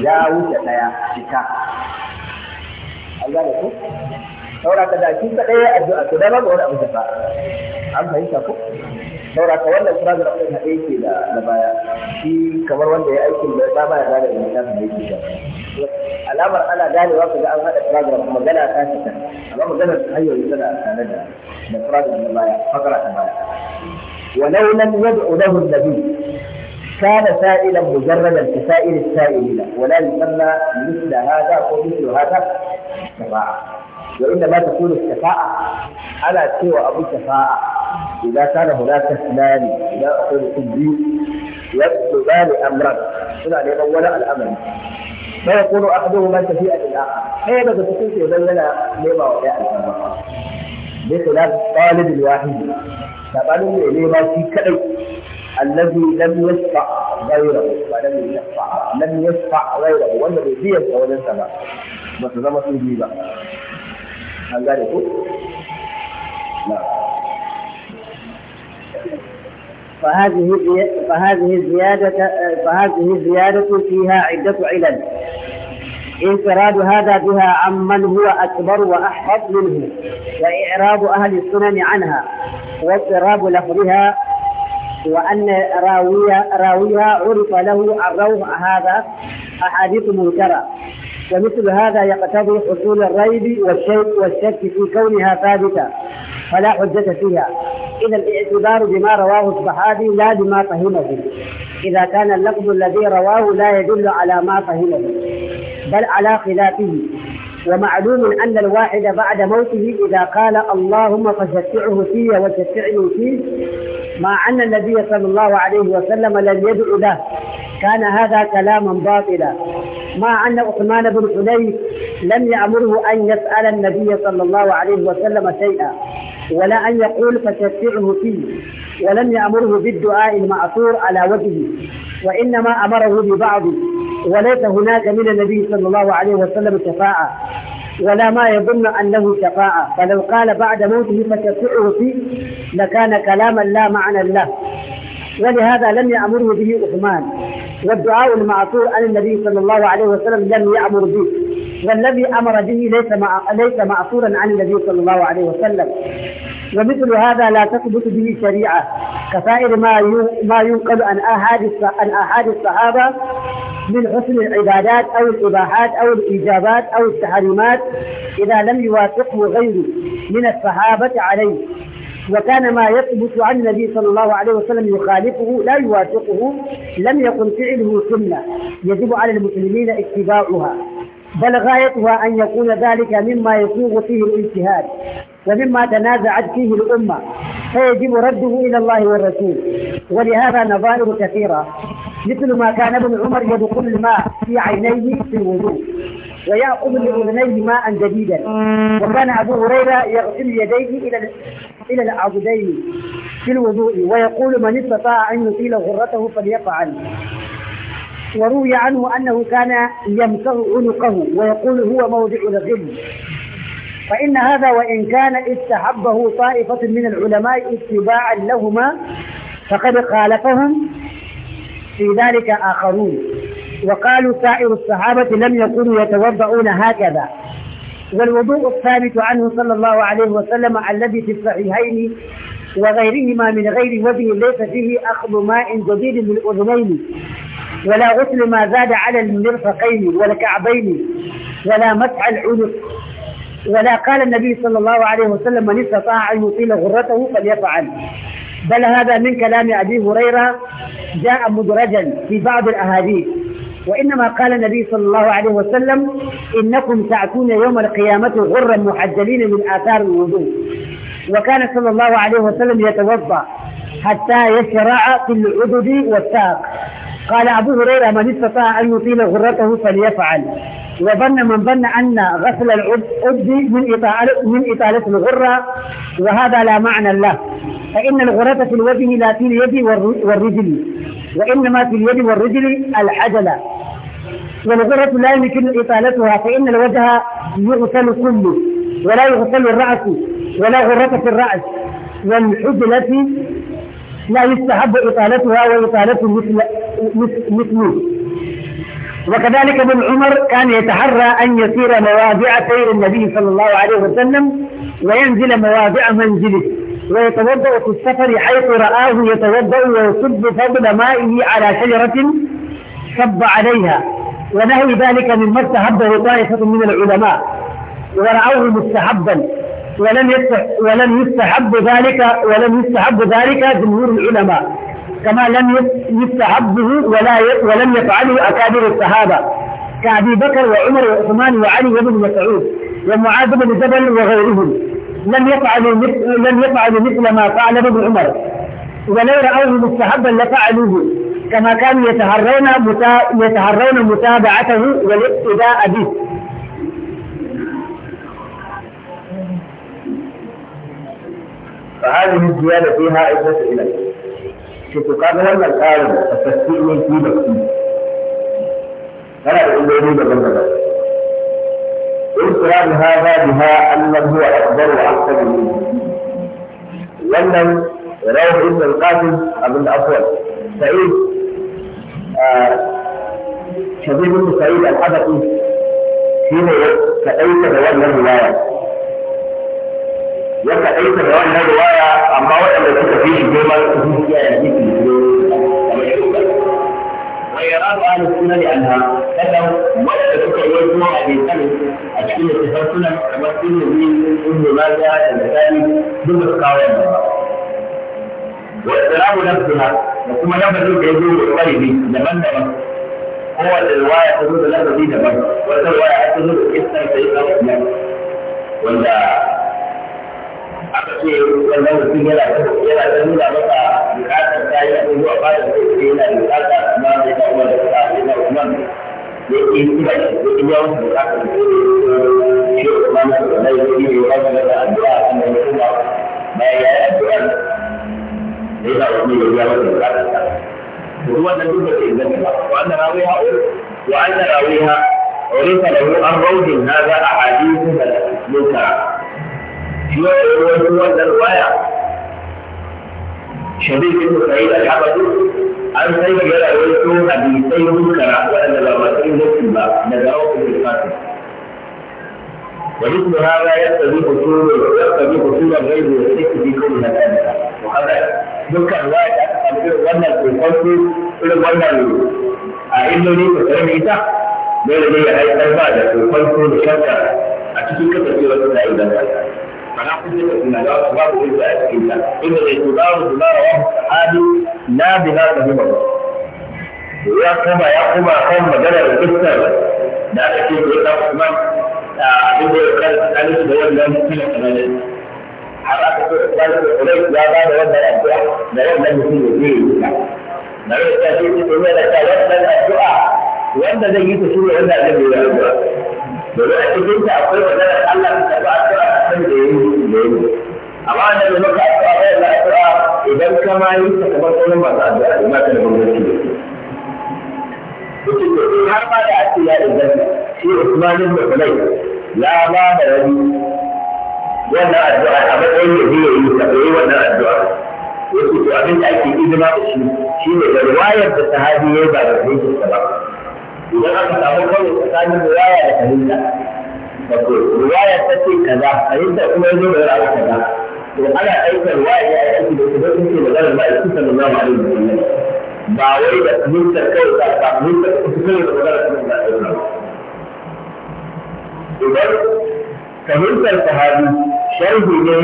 Speaker 1: ya wuce daya cika an gane ko saboda ka da shi kadai addu'a to da ba wani abu da ba an fahimta ko saura ka wannan kira da rafin haɗe ke da na baya shi kamar wanda ya aikin da ya ba ya gane da littafin da yake da alamar ana ganewa ka ga an haɗa kira da rafin magana ta shi ta amma magana ta hanyar yi tana tare da da kira da na baya fakara ta baya ولو لم يدع له النبي كان سائلا مجردا كسائر السائلين ولا يسمى مثل هذا ومثل هذا شفاعة وإنما تكون الشفاعة على سوى أبو شفاعة إذا كان هناك اثنان لا أقول حبي يكتبان أمرا هنا الأول الأمر فيقول أحدهما شفيئة الآخر كيف تكون في بيننا لما وقع الأمر بخلاف الطالب الواحد فقالوا لما في كأي الذي لم يشفع غيره ولم يشفع لم يشفع غيره والذي في يشفع ولم يشفع بس ده ما في بقى هل ذلك؟
Speaker 2: نعم فهذه فهذه الزيادة فهذه الزيادة فيها عدة علل انفراد هذا بها عمن هو أكبر وأحفظ منه وإعراب أهل السنن عنها واضطراب لفظها وأن راوي راويها عرف له عن روح هذا أحاديث منكرة ومثل هذا يقتضي حصول الريب والشك والشك في كونها ثابتة فلا حجة فيها إذا الاعتبار بما رواه الصحابي لا بما فهمه إذا كان اللفظ الذي رواه لا يدل على ما فهمه بل على خلافه ومعلوم أن الواحد بعد موته إذا قال اللهم فشفعه في وشفعني فيه مع أن النبي صلى الله عليه وسلم لم يدع له كان هذا كلاما باطلا مع أن عثمان بن حنيف لم يأمره أن يسأل النبي صلى الله عليه وسلم شيئا ولا أن يقول فشفعه فيه ولم يأمره بالدعاء المعصور على وجهه وإنما أمره ببعضه وليس هناك من النبي صلى الله عليه وسلم شفاعة ولا ما يظن أنه شفاعة فلو قال بعد موته فتشفعه فيه لكان كلاما لا معنى له ولهذا لم يأمره به عثمان والدعاء المعصور عن النبي صلى الله عليه وسلم لم يأمر به والذي أمر به ليس مع... ليس معصورا عن النبي صلى الله عليه وسلم ومثل هذا لا تثبت به شريعة كسائر ما ي... ما ينقل عن أحد عن أحد الصحابة من حسن العبادات أو الإباحات أو الإيجابات أو التحريمات إذا لم يوافقه غيره من الصحابة عليه وكان ما يثبت عن النبي صلى الله عليه وسلم يخالفه لا يوافقه لم يكن فعله سنة يجب على المسلمين اتباعها بل غايتها أن يكون ذلك مما يسوغ فيه الاجتهاد ومما تنازعت فيه الأمة فيجب رده إلى الله والرسول ولهذا نظائر كثيرة مثل ما كان ابن عمر يدخل الماء في عينيه في الوضوء ويأخذ لأذنيه ماء جديدا وكان أبو هريرة يغسل يديه إلى إلى العضدين في الوضوء ويقول من استطاع أن يطيل غرته فليفعل وروي عنه أنه كان يمسغ عنقه ويقول هو موضع الغل فإن هذا وإن كان استحبه طائفة من العلماء اتباعا لهما فقد خالفهم في ذلك آخرون وقالوا سائر الصحابة لم يكونوا يتوضؤون هكذا والوضوء الثابت عنه صلى الله عليه وسلم الذي في الصحيحين وغيرهما من غير وجه ليس فيه أخذ ماء جديد للأذنين ولا غسل ما زاد على المرفقين والكعبين ولا مسح العنق ولا قال النبي صلى الله عليه وسلم من استطاع أن يطيل غرته فليفعل بل هذا من كلام أبي هريرة جاء مدرجا في بعض الأحاديث وإنما قال النبي صلى الله عليه وسلم إنكم تأتون يوم القيامة غرا محجلين من آثار الوضوء وكان صلى الله عليه وسلم يتوضأ حتى يشرع في العدد والساق قال أبو هريرة من استطاع أن يطيل غرته فليفعل وظن من ظن أن غسل العبد من إطالة, من إطالة الغرة وهذا لا معنى له فإن الغرة في الوجه لا في اليد والرجل وإنما في اليد والرجل العجلة والغرة لا يمكن إطالتها فإن الوجه يغسل كله ولا يغسل الرأس ولا غرة في الرأس والحجلة لا يستحب إطالتها وإطالة مثل مثله وكذلك ابن عمر كان يتحرى أن يسير مواضع سير النبي صلى الله عليه وسلم وينزل مواضع منزله ويتوضأ في السفر حيث رآه يتوضأ ويصب فضل مائه على شجرة صب عليها ونهي ذلك مما استحبه طائفة من العلماء ورأوه مستحبا ولم يستحب ذلك ولم يستحب ذلك جمهور العلماء كما لم يستحب به ولا ولم يفعله أكابر الصحابة كأبي بكر وعمر وعثمان وعلي وابن مسعود ومعاذ بن جبل وغيرهم لم يفعلوا مثل لم يفعلوا مثل ما فعل ابن عمر ولو رأوه مستحبا لفعلوه كما كانوا يتهرون متا... يتهرون متابعته والاقتداء به
Speaker 1: فهذه الزيادة فيها عزة إليه shi to kaga wannan tsarin a tasirin su da su yana لك illoli daban daban إسلام هذا بها أنه هو أكبر وأكثر منه. لأن روح ابن القاسم أبن أفضل سعيد شبيب بن سعيد الحبشي شنو كأيت تولى الرواية ya kaɗaita da wannan ruwaya amma waɗanda suka fi shi girma su zuciya ya ji su وإيراد أهل السنن عنها كلهم ولد سكر وجمع أبي سلم أشكال التفصيل تمثل من ابن ماجه النسائي ضمن القاوية واضطراب نفسها وكما يبدو جيده الطيب لمن هو الرواية تزول لفظي دبر والرواية تزول اسم سيدنا عثمان ولا aka ce wannan mutum yana yana da nuna masa bukatar ta yi abubuwa ba da zai yana bukata amma bai da da ta ce na umar ya ce kuma ya ce ya wasu bukatar da
Speaker 3: ya ce kuma na da na yi ne ya
Speaker 1: wasu da addu'a a kan wani kuma bayan ya yi addu'a ya yi abu ne ya wasu bukatar ta. Duk wannan da ke zanta ba, wa'annan rawiya wa'annan rawiya وليس له عن روج هذا أحاديث منكرة shi ne ruwan wannan waya
Speaker 2: shabir bin sa'id
Speaker 1: al-abadu an sai ga yana wato hadisai munkara waɗanda ba masu inganci
Speaker 3: ba daga rawatun al-fatim ومثل هذا يقتضي حصول
Speaker 1: يقتضي حصول الغيب والشك في كل مكان وهذا dukkan waya da aka wannan kokonsu irin wannan a illoli ko tare da ita dole ne ya haifar ba da kokonsu da shakka a cikin kasancewar da ya ma'ana kullum suna babu a na na ya kuma ya kuma kan maganar dukkan da aka ce da ya kuma abin da kan da wannan filin kananin har aka ce da tsanin da ya ba da wannan addu'a da wannan mutum da zai yi ta na yau ta ce da ta wannan addu'a wanda zai yi ta shi ne wanda zai yi ta da za a cikin ta akwai magana Allah ta ba ta san da yayi
Speaker 3: da yayi amma da maka ta ba da ta idan ka ma yi ta kamar kullum ba za a yi maka da gwamnati
Speaker 1: da shi to har ma da ake ya inganta shi Usman ibn Bulay ya ba da rabi
Speaker 3: wannan addu'a a matsayin da zai yi ta yi wannan addu'a
Speaker 1: yake to abin da ake izina da shi shine da riwayar da sahabi ya ba da shi ba idan aka samu kawai tsakanin riwaya da fahimta wato riwaya ta ce kaza fahimta kuma ya zo da wani abu kaza to ana ɗaukar riwaya ya yi aiki da su don suke magana ba a cikin sallallahu alaihi wa sallam ba wai da fahimtar kawai ba ba fahimtar su kawai da magana su ba idan fahimtar sahabi sharhi ne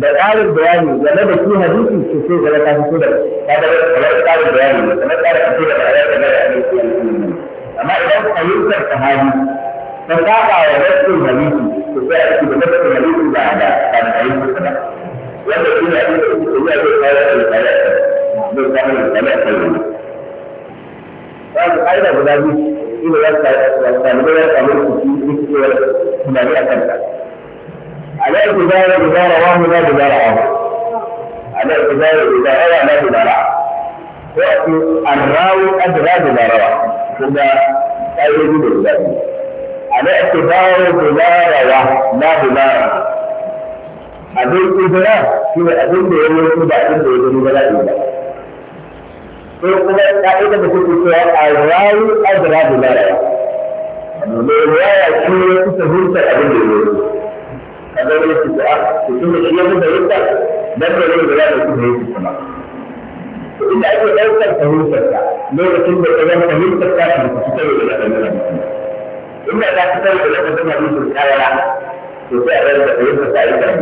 Speaker 1: da ƙarin bayani game da shi hadisi ke sai ga ta fito da ta da kamar ƙarin bayani kamar ƙarin fito da bayani game da hadisi amma idan fahimtar sahabi ta saba wa rashin hadisi to sai a ciki da rashin hadisi ba da ba da hadisi ba wanda shi ne abin da suke yi a zai kawo da misali a kan zai kawo da misali a kan yanzu. Babu ƙa'ida guda biyu shi ne ya samu ya samu kuɗi kuɗi a kanta.
Speaker 3: على الجزارة جزارة وهنا جزارة على الجزارة جزارة وهنا جزارة وأتي الراوي أدرى جزارة كذا أيدي بالله على اعتبار جزارة لا جزارة
Speaker 1: abin izina shi ne abin da ya yi ba abin da ya gani ba zaɓi ba. Sai kuma ƙa'ida da kuke cewa a rayu adira da lara.
Speaker 3: Mai ya ce ya fi fahimtar abin da ya
Speaker 1: yi. a zai wani su a su tuna shi ya kuma yadda dan da wani da ya kuma yadda kuma to inda ake ɗaukar fahimtar ka lokacin da ka zama fahimtar ka kan ku fitar da na ɗan ɗan inda ka fitar da na ɗan ɗan kayara to sai a zai da fahimtar ka yi ɗan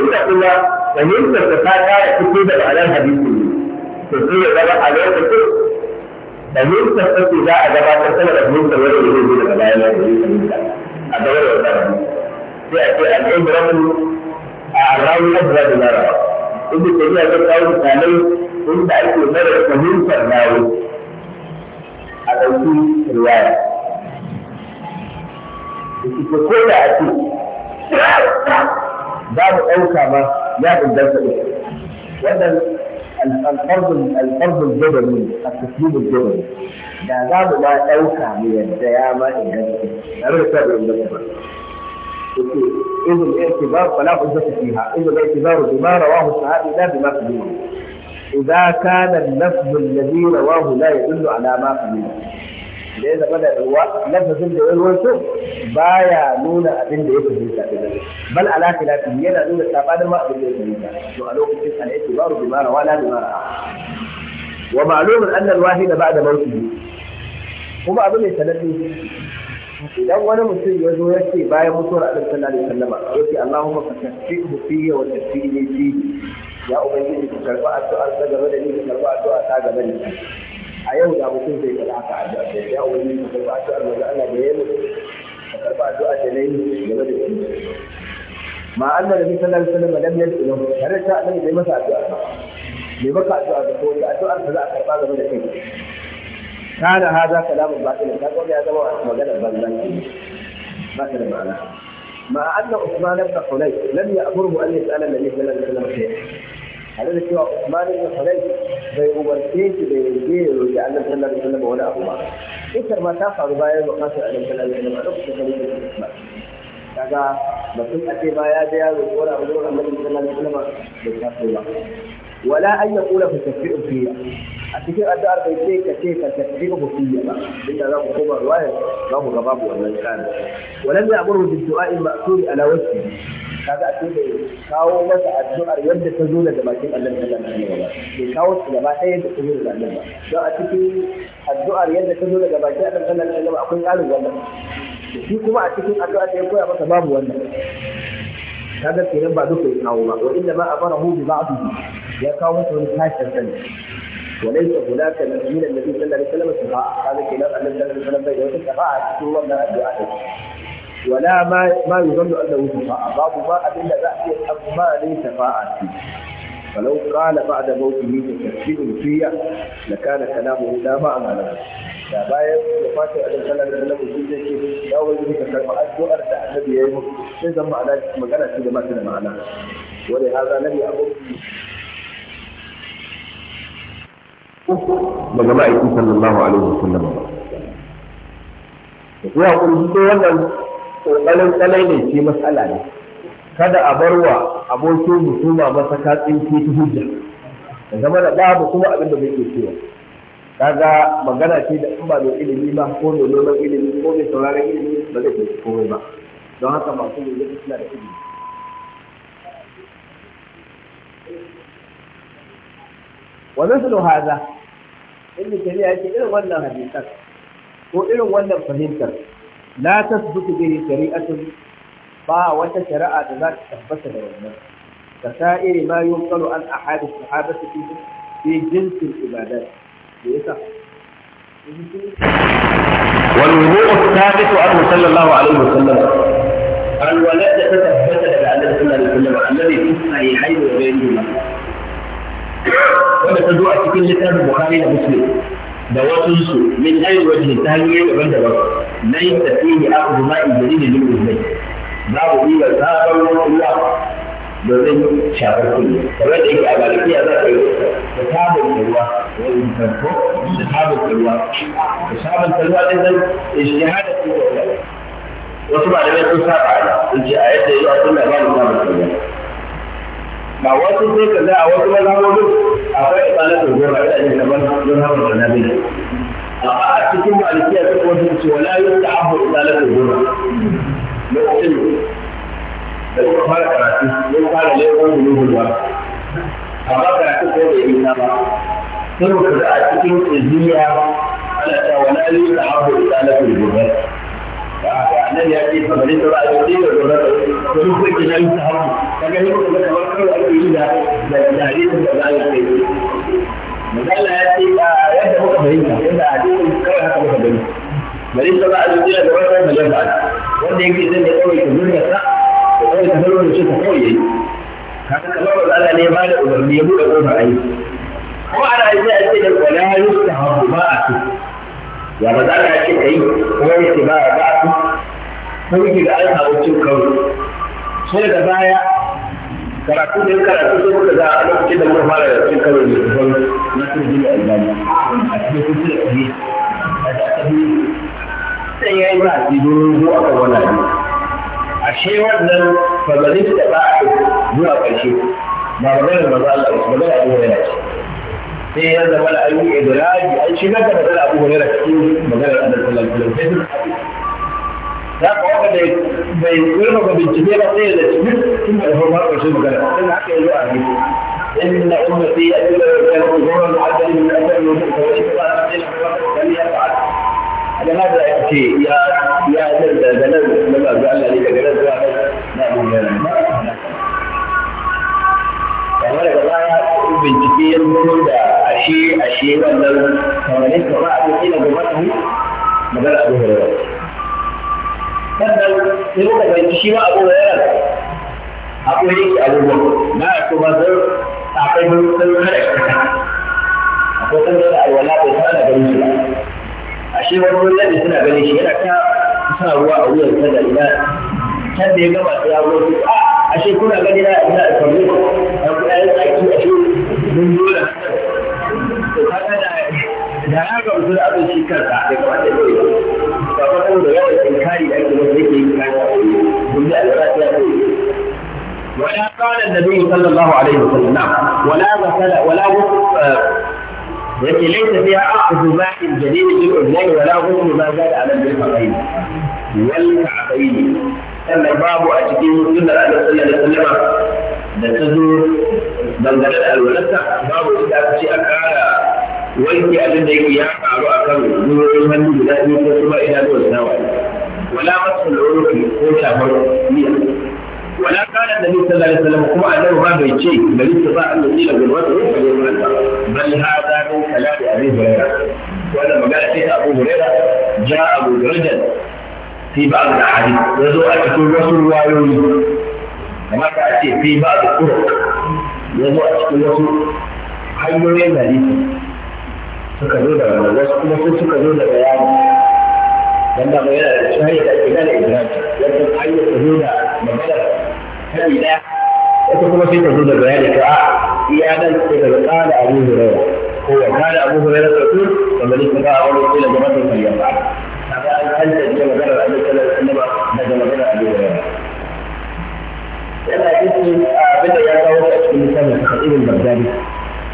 Speaker 1: inda kuma fahimtar ka ta kara fito da ma'anar hadisi ne to sai ya zama a lokacin fahimtar ka ce za a gabatar sama da fahimtar wani da zai zo daga bayan da ya fahimta a gaba da wata hadisi sai a ce al'ibratu a rawun abuwa da larawa inda ta biya ta kawo misalai inda ake mara fahimtar rawu a ɗauki riwaya ko da a ce ba mu ɗauka ma ya inganta ɗin wannan alfarbin alfarbin jabari a tasbirin jabari da za mu ma ɗauka yadda ya ma tare da sabon inganta ba إذ الاعتبار فلا حجة فيها إذ الاعتبار بما رواه الصحابي لا بما قبله إذا كان اللفظ الذي رواه لا يدل على ما قبله لأن بدأ الرواة لفظ الذي رواه بايا نون أبن ليس في الكاتب بل على خلافه يدع نون التابان ما أبن ليس في الكاتب وألوك الاعتبار بما رواه لا بما رواه ومعلوم أن الواحد بعد موته هو أبن ليس idan wani mutum ya zo ya ce bayan mutuwar annabi sallallahu alaihi wasallam ya ce Allahumma ku fiye wa ne ji ya ubangiji ku karba addu'ar ta gaba da ni ku karba addu'a ta gaba da ni a yau da mutum zai faɗa haka addu'a da ya ubangiji ku karba addu'ar manzo Allah da ya yi ka karba addu'a da nayi gaba da ni ma anna nabi sallallahu alaihi wasallam lam yalqi lahu tare da annabi bai masa addu'a ba bai baka addu'a ba ko addu'ar ta za a karba gaba da kai kana haza kalamun batil ka kuma ya zama magana banzan ba ta da ma'ana ma anna usman ibn hulay lam ya'murhu an yas'ala an sallallahu alaihi wasallam hada da cewa usman ibn hulay bai umarce shi da yaje ya roki Allah sallallahu alaihi wasallam wani abu ba ita ma ta faru bayan wakatar Allah sallallahu alaihi wasallam a da ya usman kaga mutum a ce ba ya ya da ولا أن يقول في التكفير فيها التكفير أدى أربعين كثيرا التكفير فيها إذا لم يقوم الرواية له الرباب ومن كان ولم يأمره بالدعاء المأثور على وجهه هذا أكيد كاو مسعى الزعر يبدا تزول لما كنت أدى الأدم عنه والله كاو لما حيد تزول لأدم لا أكيد الزعر يبدا تزول لما كنت أدى الأدم عنه أقول قالوا والله في كما أكيد أدى أدى يقول أبا سباب والله هذا في نبع دكي أو ما وإنما أمره ببعضه يكاوت الحاسس وليس هناك من النبي صلى الله عليه وسلم سقاء هذا كلام أن النبي صلى الله عليه وسلم بين يوم الله كل ما أدعى ولا ما ما يظن أنه سقاء باب ما أدل بأسي أو ما ليس فيه فلو قال بعد موته تفسير في لكان كلامه لا معنى له لا باير وفاته أن النبي صلى الله عليه وسلم يجوز شيء لا وجود كلام أدعى أرجع النبي يوم إذا معناه ما كان سيدنا معناه ولهذا لم أبو daga ma'aikin sallallahu alaihi wasallam ba ya kuma so wannan kokarin kalai ne ce matsala ne kada a barwa abokin hukuma masaka katsin ta hujja da zama da babu kuma abin da muke ke cewa kaga magana ce da in ba mai ilimi ba ko mai noman ilimi ko mai sauraron ilimi ba zai ke komai ba don haka masu yi suna da ilimi wa da haza? ibn taymiya yake irin wannan hadisan ko irin wannan fahimtar la tasbutu bihi shari'atun ba wata shari'a da za ta tabbata da wannan ka sa'iri ma yunqalu an ahadith sahabati fi fi jinsil ibadat me yasa والوضوء الثابت عنه صلى الله عليه وسلم الولادة تثبت على النبي صلى الله عليه وسلم الذي في صحيحين وغيرهما wanda ta zo a cikin littafin Bukhari da Muslim da wasu su min ayi wajhi ta hanyoyi daban-daban da ta fihi akhudhu ma'i dalilin lil ummai babu iya sabon da zai shafar kullu kamar da yake a malikiya za ta yi ta sabon ruwa wajen kanko da sabon ruwa da sabon ruwa din nan ijtihada ce wasu malamai sun saba ana sun ce a yadda ya yi da ba babu sabon ruwa ba wasu sai ka ga a wasu mazhabobin akwai ibadatul gurra ila ne daban don haɓar da nabi amma a cikin malikiya ta wasu ce wala yusta'abu ibadatul gurra lokacin da kuma fara karatu mun fara leƙon bulugul ba amma karatu ko bai yi na ba sai mu a cikin iziya ana cewa wala yusta'abu ibadatul gurra annabi ya ce a yau ɗaya da da ta da kawai yi da a yi kai ya ce fahimta yadda haka bari a da wani kuwa da wanda kawai ta zurga kawai ta ta kawai ba da ya ana yi sai a ce a cikin ya ba za ka ce ka yi kuma ya ce ba ya ba su yake da an samu cin kawo sai da baya karatu da karatu sai kuka za a lokacin da muka fara da cin kawo da na turjin da albani a cikin kusur da kare. a da aka sai ya yi ba a cikin zuwa kan wani abu ashe wannan fagalin da ba a zuwa ƙarshe ba magana da maza Allah ba ba da wani sai ya zama da ayyukan idraji an shigar da magana abu hore da cikin maganar annabi sallallahu alaihi wasallam da ka wanda bai bai girma ba bincike ba sai da cikin cikin da farko ƙarshen magana dan haka yazo a ne إن أمتي أجل الظهور المعدل من أجل الوجود فإذا أجل فليفعل لماذا يأتي يا يا جلد جلد لما جعل لي جلد واحد لا مهم kamar da baya bincike ya nuna da ashe ashe wannan kamarin ka ba a yi na gaba ta magana abu da yawa sannan sai muka fahimci shi ma abu da yawa akwai yake abubuwan ba a kuma zai akwai sun hada shi akwai sun a alwala bai sana ganin shi ashe wani wani yadda suna ganin shi yana ta sa ruwa a wuyan sa da ina can da ya gama sai ya zo a ah, ashe kuna gani na ina da kamar ya kuɗa ya tsaki ashe mun dole da ya ga mutum abin shi kansa da kuma da zai ba ba saboda yawan inkari da ake wanda yake yi kayan wani da alwala ta yi
Speaker 3: ولا قال النبي صلى الله عليه وسلم نعم ولا غسل ولا التي ليس فيها عقد ماء جديد للأذنين ولا غسل ما زاد على البرقين
Speaker 1: والكعبين أما باب أشكي سنة النبي صلى الله عليه وسلم da ta zo dangane da alwalarsa babu inda aka ce a ƙara wanke abin da yake ya faru a kan ruwan hannu guda biyu ko kuma idanuwar nawa wala masu lauruki ko shafar miya wala kana da nabi sallallahu alaihi wasallam kuma annabi ma bai ce da lissa ba an yi da gurbata ko kare mana bal hada min kalami abi hurairah wannan magana ce ta abu hurairah ja abu darajan fi ba'd al-hadith yazo a cikin wasu ruwayoyi kamar ka ce fi ba'd al-turuq yazo a cikin wasu hanyoyin hadisi suka zo da wani wasu kuma su suka zo da bayani dan da yana da shahidi da ake gane idraki yadda an yi su zo da maganar hadi daya wata kuma sai ta zo da bayani ta a iya nan sai da kana abu hurairah ko ya kana abu hurairah rasul kamar yadda ka wani sai da gaban sai ya ba kaga an tantance maganar annabi sallallahu alaihi wasallam daga maganar abu hurairah yana cikin abin da ya kawo a cikin misalin ibn bagdadi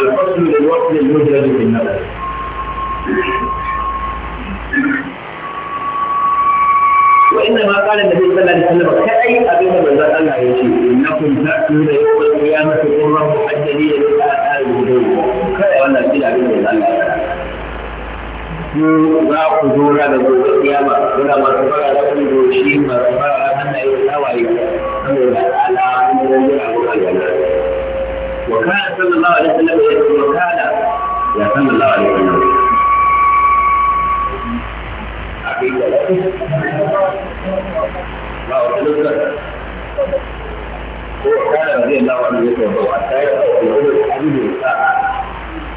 Speaker 1: الفصل للوقت المدرج في النبات وإنما قال النبي صلى الله عليه وسلم كأي أبي بزر الله يجيب إنكم تأتون يوم القيامة قرا محددين بالآثار الوجود كأي ولا أبي بزر الله za ku zo da gobe kiyama kuna masu fara da kuma doshi masu fara hannaye وكان صلى الله عليه وسلم يقول وكان
Speaker 3: يا صلى الله عليه وسلم
Speaker 1: وكان رضي الله عنه يقول حتى يقول حبيبي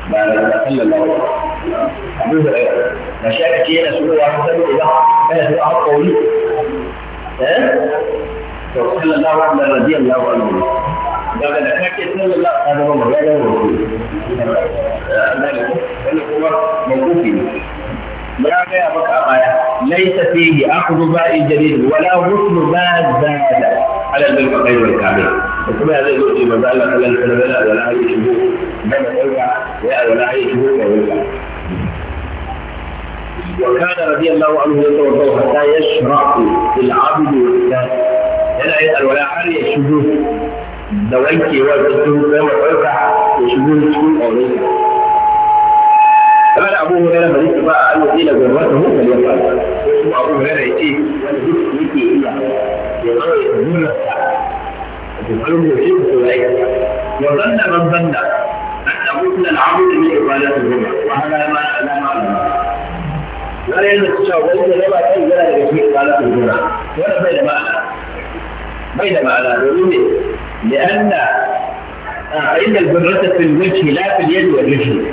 Speaker 1: ما صلى الله عليه وسلم أبو هريرة مشاكل كده سوى واحد سبب إذا كانت الأرض قوية ها وصل رضي الله عنه ده انا فاكر ان الله هذا هو ده هو ده هو موقوف يعني ليس فيه أخذ باء جديد ولا غسل باء زاد على البيت غير الكعبة وكما هذا يقول إذا بقى لا ولا يشبه بل لا ولا يشبه أولع وكان رضي الله عنه يتوضا حتى يشرع العبد والكافر yana yin alwala har ya shigo da wankewa da su kai mafarka ya shigo cikin aurensa kamar abu hurera ba zai ba a alwaje da gwamnati da hukun ya fara ko abu hurera ya ce wanda duk yake iya ya zo ya nuna da kalmo shi ko ya yi wa zanna man zanna anna hukun al'amuri min ibadatu huma wa hada ma alama
Speaker 3: alama
Speaker 1: yana cewa wanda ya ba ta yana daga cikin ibadatu huma wanda bai da ma'ana bai da ma'ana لأن آه، فإن البرة في الوجه لا في اليد والرجل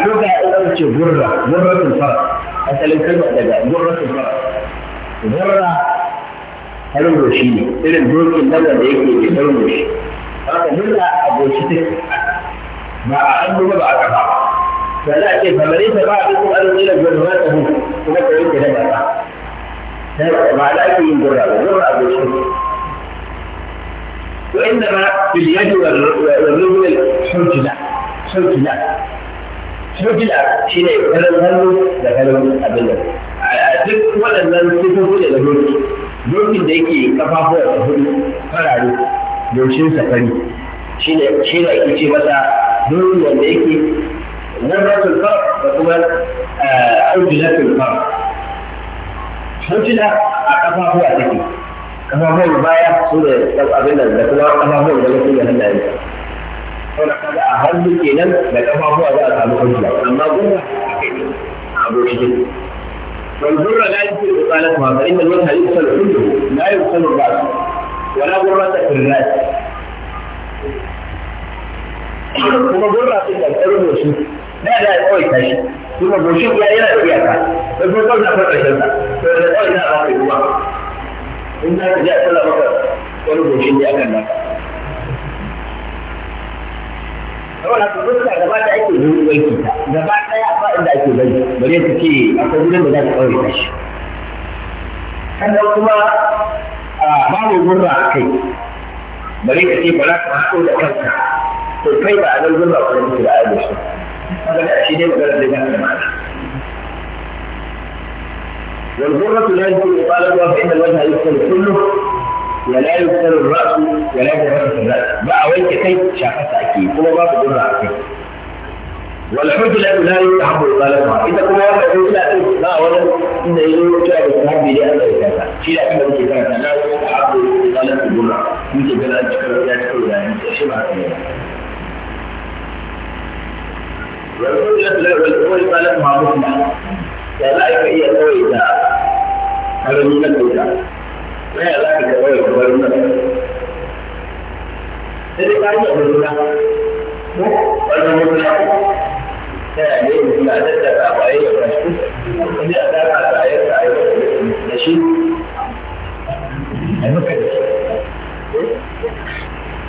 Speaker 1: اللغة أنت برة برة الفرق مثلا كلمة دجا برة الفرق برة هلو روشي إلى البرة النبى اللي يكي هلو روشي هذا هنا أبو شتك مع أنه ما بعد فلا كيف فمن يتبع بكم أنه إلى جنواته فلا كيف لما مع ذلك من جرى جرى وانما في اليد والرجل حجلة حجلة حجلة حين يكلم هل يكلم ابدا اعتقد ولا ننسفه الى الهند ممكن ده يكي كفافه الهند فرعلي يوشن سفري شين شين يكي مسا دون ده يكي نمرة الفرق وكمان حجلة الفرق hotuna a kafafuwa take kafafuwan baya su da abin da da kuma kafafuwan da wasu da hannaye a hannu kenan da kafafuwa za a samu hotuna amma gurra a kai ne a gurra والبر لا يمكن إطالتها فإن الوجه يغسل كله لا يغسل الرأس ولا برة في الراس kuma gurra sun da tsarin da shi da da ya kawai tashi kuma goshin ya yana da iyaka da kuma kawai na farkar shansa to da kawai na ba ruwa in za ka je a sallah maka wani goshin ya kan naka
Speaker 2: saboda ku fuska gaba da ake zuwa wanki ta gaba daya ba inda ake bari bare ta ce akwai gidan da za ka kawai tashi
Speaker 1: sannan kuma babu gurra a kai bari ka ce ba za ka haɗo da kanka to kai ba a nan gurra ba a yi da ayyuka shi ne magana da gane mata والغرة لا يمكن إطالتها فإن الوجه يكسر كله ولا يكسر الرأس ولا جرس الرأس ما أويك كيف شافت أكيد هو باب جرة أكيد والحج لا يتحب إطالتها إذا كنا واحد يقول لا لا أولا إن يقول لا يتحب لي أنا كذا شيء لا يمكن كذا لا يتحب إطالة الجرة يمكن أن تشكر لا يمكن شبه كذا yanzu da su daga kawai tsalar mamuki ya za da karami na kauta ya za ka kawai da bari na kauta sai dai ka yi da ya ne mutum a tattaka a kwaye ya kashi ta yi ga shi ne fahimtar ta ce amma kuma ba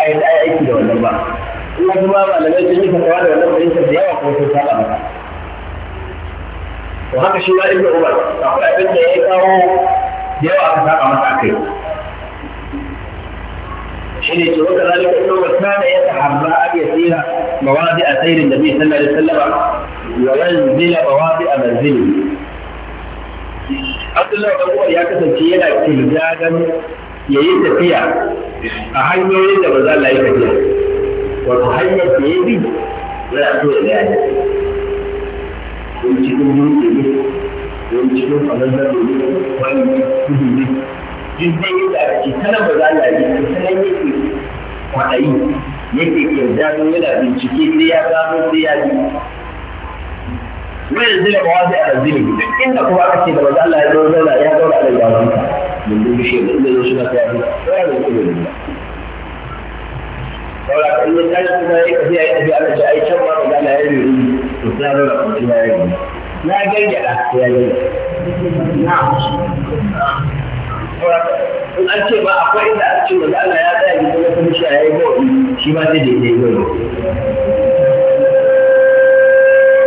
Speaker 1: a yi aiki da wannan ba kuma kuma malamai sun yi fatawa da wannan fahimtar da yawa kuma sun saba maka وهكذا شيء لا ابن عمر أقول أبن يكاو ديوا أكتاق ما تأكل شيء وكذلك أنه كان يتحرى أن يسير مواضع سير النبي صلى الله عليه وسلم وينزل مواضع منزله Abdullahi Abubuwar ya kasance yana kirgagan ya yi tafiya a hanyoyin da ba za a yi tafiya. Wato hanyar da ya bi da cikin mulki ne da cikin da ne wani kudu ne duk dai yadda ake sanar ba za a yi ta sanar yake kwaɗayi yake don yana bincike sai ya gano sai ya bi wani zai ba wasu a zini duk inda kuma aka ce da ba za a yi zauna ya zauna a ɗan gaba mun duk shi da inda zo shi na kayan ya zo kuma da saboda kan yi tashi kuma ya tafiya ya tafiya ana ce ai can ma ga na yayi ri to sai nuna kuma ya yayi na gaggada ya yayi na in an ce ba akwai inda an ce wanda Allah ya tsaya gidan wata bishiya ya yi gawabi shi ma zai daidai gawabi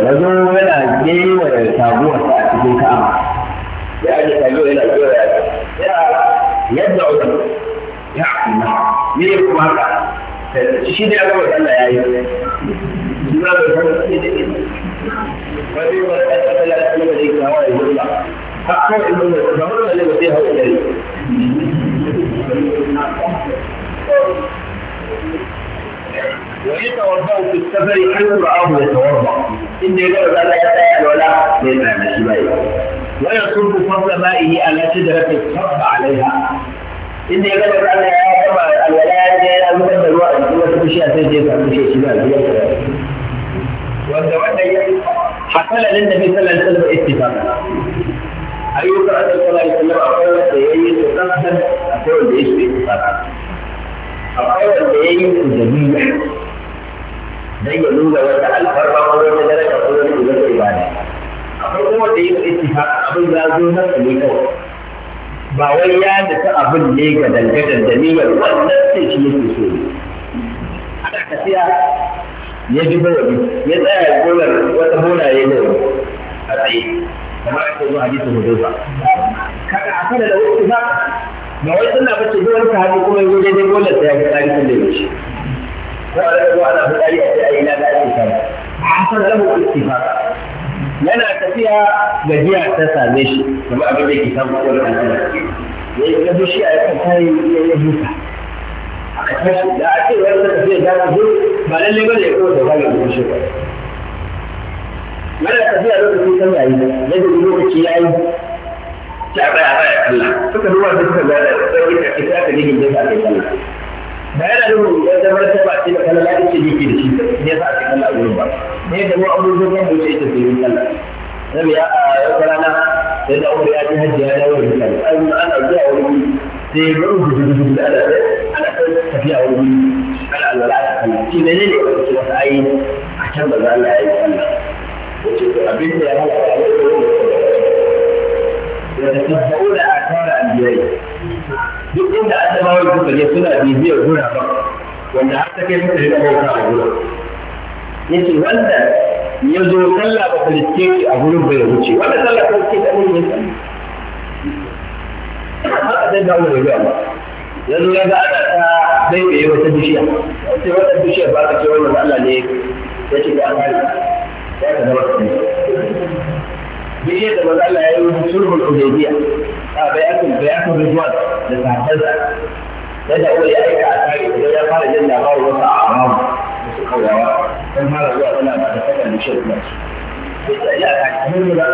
Speaker 1: yanzu yana gewa da taguwarsa a cikin ka'aba ya ake taguwa yana gewa ya yadda wani ya ne kuma haka shi ne aka wata Allah ya yi suna da kan wani da ke wani ba ta kasa ya ce ba zai kawo ya yi ba ha kawai ba ba ba ba zai ba zai hau da yi ويتوضا في السفر حين رآه يتوضا إن يقول لا يتأكل ولا لما نشبه ويصب فضل مائه على شجرة الصب عليها in ya gaba da Allah ya gaba alwala ya ga ya zubar da ruwa a cikin wata bishiya sai je ka kushe shi ba biyar da wanda wanda ya hasala nan nabi sallallahu alaihi wasallam ittifaq ayyukan annabi sallallahu alaihi wasallam akwai wanda yayi tsantsan akwai wanda yake ittifaq akwai wanda yayi kujabiyya dan ya nuna wata alfarma ko wata daraja ko wata ibada akwai kuma wanda yake ittifaq abin ya zo na ne ba wai ya ta abin ne ga dangadan da niyyar wannan sai shi yake so ne ana tafiya ya ji bawani ya tsaya gonar wata bola ya yi a tsaye kamar ake zuwa hudu ba. Kada a kada da wuce ba ba wai suna bace duk wani sahabi kuma yanzu daidai gonar sai ya fi tsari sun da yaushe ko a daga zuwa ana fi tsari a tsaye a yi na da ake samu a hasan lahu istifaqa yana tafiya gajiya ta same shi kuma abin da ke samu kowar ɗan ya yi ga bishiya ya kan kayi ya yi huta aka tashi da a ce wani tafiya za ta zo ba lalle ba da ya kowace ba ga bishiya ba yana tafiya lokacin kan yayi na da lokaci ya yi ta baya baya kalla suka duba suka ga da tsawon da ita ka digin da ta kai kalla ba yana nufin ya zama ta ba ce da kallon lafiya ce da shi ne sa a cikin al'amuran ba ne da mu kan wuce a rana sai da umar ya ji hajji ya dawo da mutane an sai ya gudu gudu da ana ana tafiya shi ne ne ne wata ayi a can ba za Allah ya yi sallah abin da ya a da a tara
Speaker 3: duk inda adamawa da suka je suna bibiyar guraben
Speaker 1: wanda har ta kai suka rika bauta a gurin yace wanda ya zo sallah ba ta liske shi a gurin bai wuce wanda sallah ta liske ta gurin ya sallah har a zai dawo da zuwa ba yanzu ya ga ana ta baibaye wata bishiya sai wata bishiya ba ka ce wannan Allah ne ya ce ga Allah ya ka zama ka bidiyar da maza Allah ya yi sulhul hudaybiya a bayatul bayatul rijwan da sahabbansa yadda Umar ya aika a tare da ya fara jin labarin wasu a amamu da su kaurawa don fara zuwa tana da sakar da shi kuma su sai ya ta kamar mu da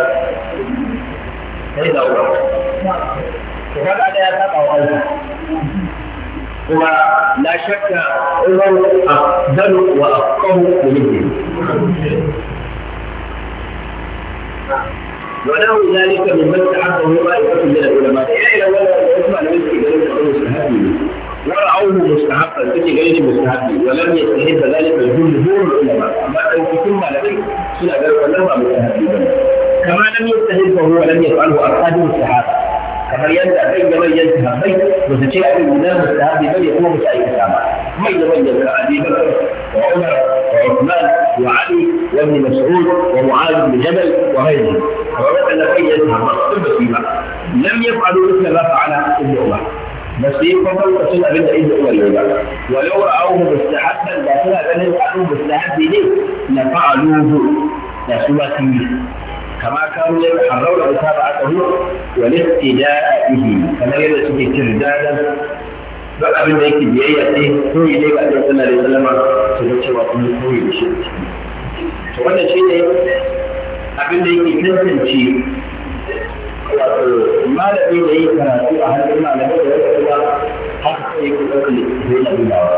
Speaker 1: sai da Umar to kaga da ya saba wa Allah kuma la shakka Umar afdalu wa afqahu minni Thank you. ونحو ذلك من ممن تعبه طائفة من العلماء يعني لو اسمع لم يكن مستحب ورأوه مستحقا تجي غير مستحب ولم يستحب ذلك الجمهور العلماء أما أن تكون لديك سنة ذلك أنه كما لم يستحبه ولم يفعله أصحاب الصحابة kamar yadda manya manyan sahabbai ba su ce abin guda mustahabi ba ne kuma musu aikata ba manya manyan sahabbai ba wa Umar wa Uthman wa Ali wa Ibn Mas'ud wa Mu'adh bin Jabal wa ghayrihi kamar wanda manyan sahabbai sun ba su ba lam yaf'alu mithla ma fa'ala Ibn Umar بس يبقى فرق سنة بين ايد الاولين ولو رأوه مستحبا لا سنة بين رأوه مستحب ليه لفعلوه لا سنة كبيرة كما كان من المحرم متابعته والاقتداء به كما يدرس في ترداد بقى من ذلك بيئة هو يجيب أن يقول الله عليه وسلم سلوك وطن هو يشير وانا شيء أبن ذلك تنسل شيء ما لدي لي كراتي أهل الإمام لبدا يقول الله حق يكون أكل إلا بالله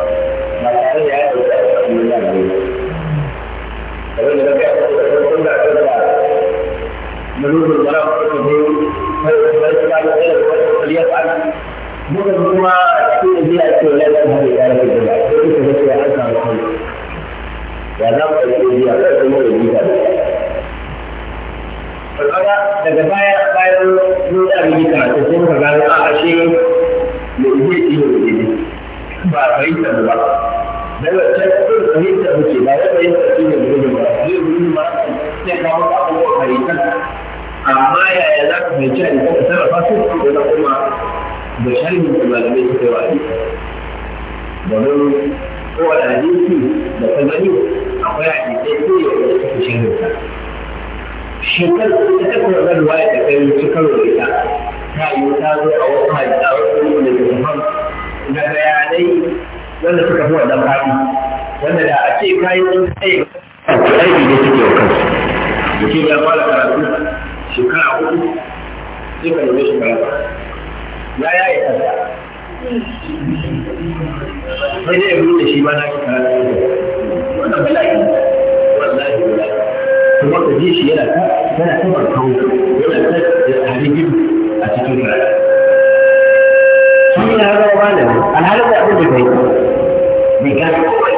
Speaker 1: ما كان يعيش أكل إلا بالله فإن ربيع تقول الله عليه وسلم menurut dalam kebun kalau kita lihat kalau kita lihat kan bukan semua itu dia itu lelaki dia itu itu itu dia itu orang itu
Speaker 3: dalam kalau dia itu semua dia itu
Speaker 1: kalau ada saya saya itu sudah begitu itu semua kalau ada sih lebih itu lebih bahaya itu lah dalam cek itu lebih itu sih dalam cek itu lebih itu lebih bahaya lebih bahaya amma yaya za ka fahimci a ka sarrafa su da na kuma da sharhin da malamai suka yi wa'adi domin kowane hadisi da ta gani akwai hadisai ko ya wanda suka sharhin sa shekar da ta kuma zan waya ta kai ci karo da ita ta yi ta zo a wasu hadisi a wasu da ke tafan da bayanai wanda suka fi wannan fadi wanda da a ce kayan tsaye aiki da suke wa kansu da ke ya fara karatu shekara hudu sai ka nemi shekara ba ya ya yi kasa sai dai yanzu da shi ma na shekara da wannan bala'i wallahi bala'i kuma ka ji shi yana ta yana ta barkawo yana ta harigin a cikin ka shi ne har zama malami alhalin da abin da bai bai gasa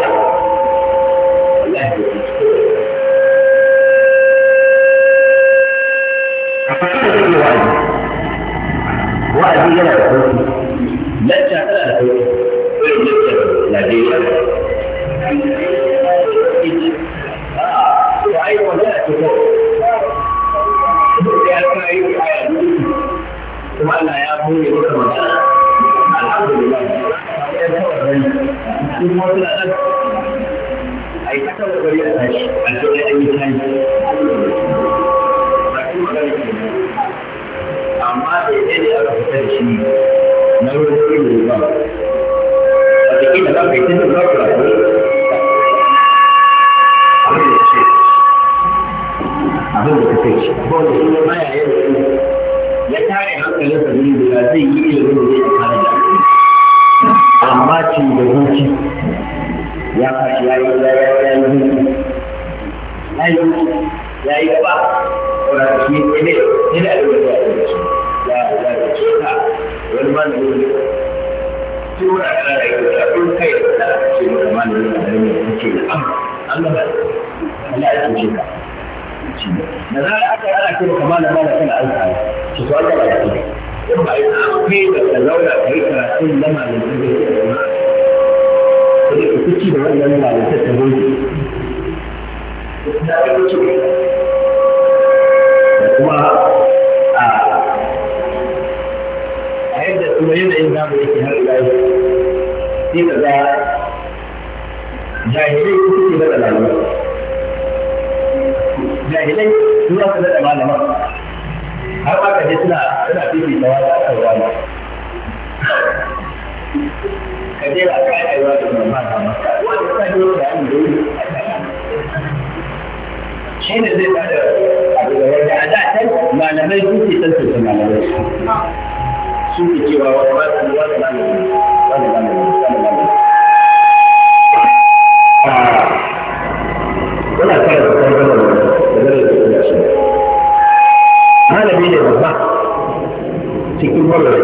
Speaker 1: cikin wannan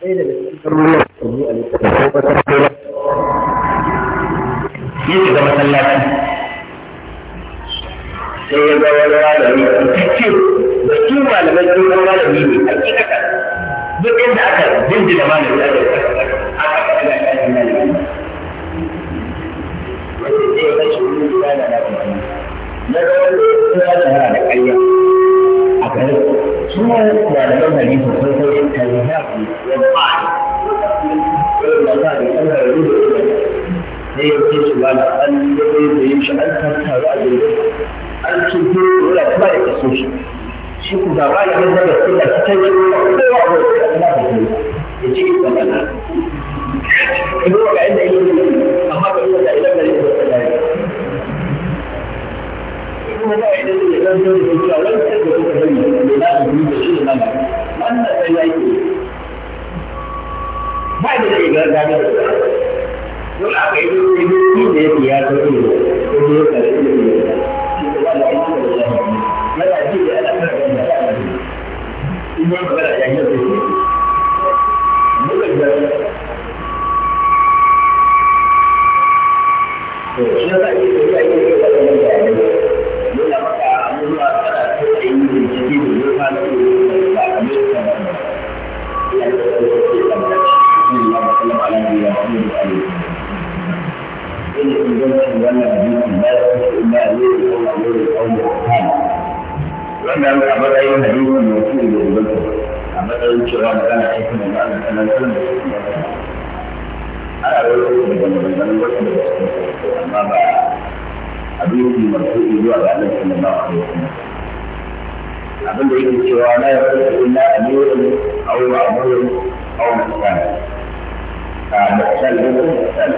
Speaker 1: ɗaya da masallaci sai
Speaker 3: ya malami da su malamai sun malami ne a duk inda aka jinjina malami aka aka malami
Speaker 1: na da a yanfa'ani da zai da yin shi a jirgin an ce ko da da da da da da da da da
Speaker 3: da da da wannan
Speaker 1: sai ya yi ba da ke ga gani da don aka yi duk da yi da yake ya zo ne ko ne ya karfi da ne yana cái da ana karfi cái gì ji in yi magana ya yi da ne muka ga to shi ya sa ke wannan hadisi na inna alaihi wa alaihi wa alaihi wannan a matsayin hadisi ne su ne da ubanta a matsayin cewa magana ce kuma da Allah sanan sanan da su ne ana rawaito daga maganganun wasu daga cikin amma ba hadisi marfu'i zuwa ga Allah sallallahu alaihi wa sallam abin da yake cewa na yarda illa amirun aw ma'murun aw mutsan a mutsan ne mutsan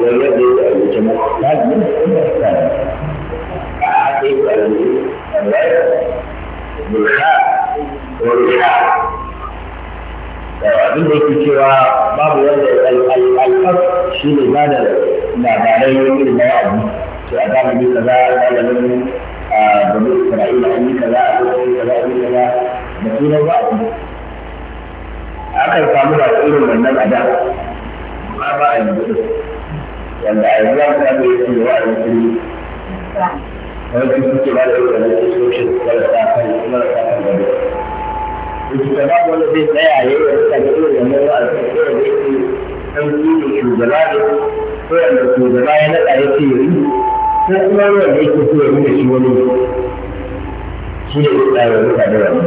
Speaker 1: Lalle da ya abuce ta ko da cewa babu wanda al'alfar shi ne labarai irin abu. a zamanin kaza zamanin a bani yi a yi akan samu ba irin wannan a da amma ba a yanzu wanda a yanzu an samu ya ce wa a yanzu wani suke ba da irin wannan sososhin marasa kan marasa kan gado shugaba wanda zai tsaya ya yi wasu kan irin wannan ba a cikin irin da yake ɗauki ne shugaba ne ko yadda shugaba ya naɗa ya ce yi ko kuma wanda yake so ya nuna shi wani shi ne ya tsaya ya nuna da wani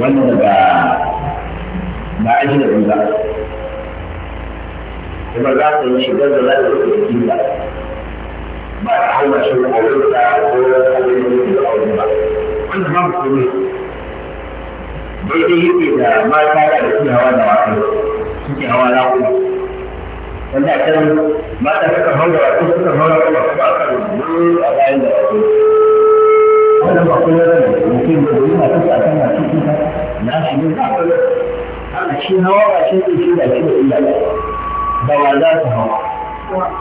Speaker 1: wanda ba ba ajnabi ba kuma za ka yi shigar da za ka yi cikin ba ba ta hawa shi a wurin da ko abin da ya aure ba wanda ma ku ne daidai yake da mata da suke hawa da wakai suke hawa na kuma wanda a can mata suka hawa da wakai suka hawa da wakai a kan a bayan da wakai wannan ba kowa ba ne mutum da zai masu a kan masu kuka na shi ne za a shi hawa ba shi ne shi da shi da illa ba wa za ta hawa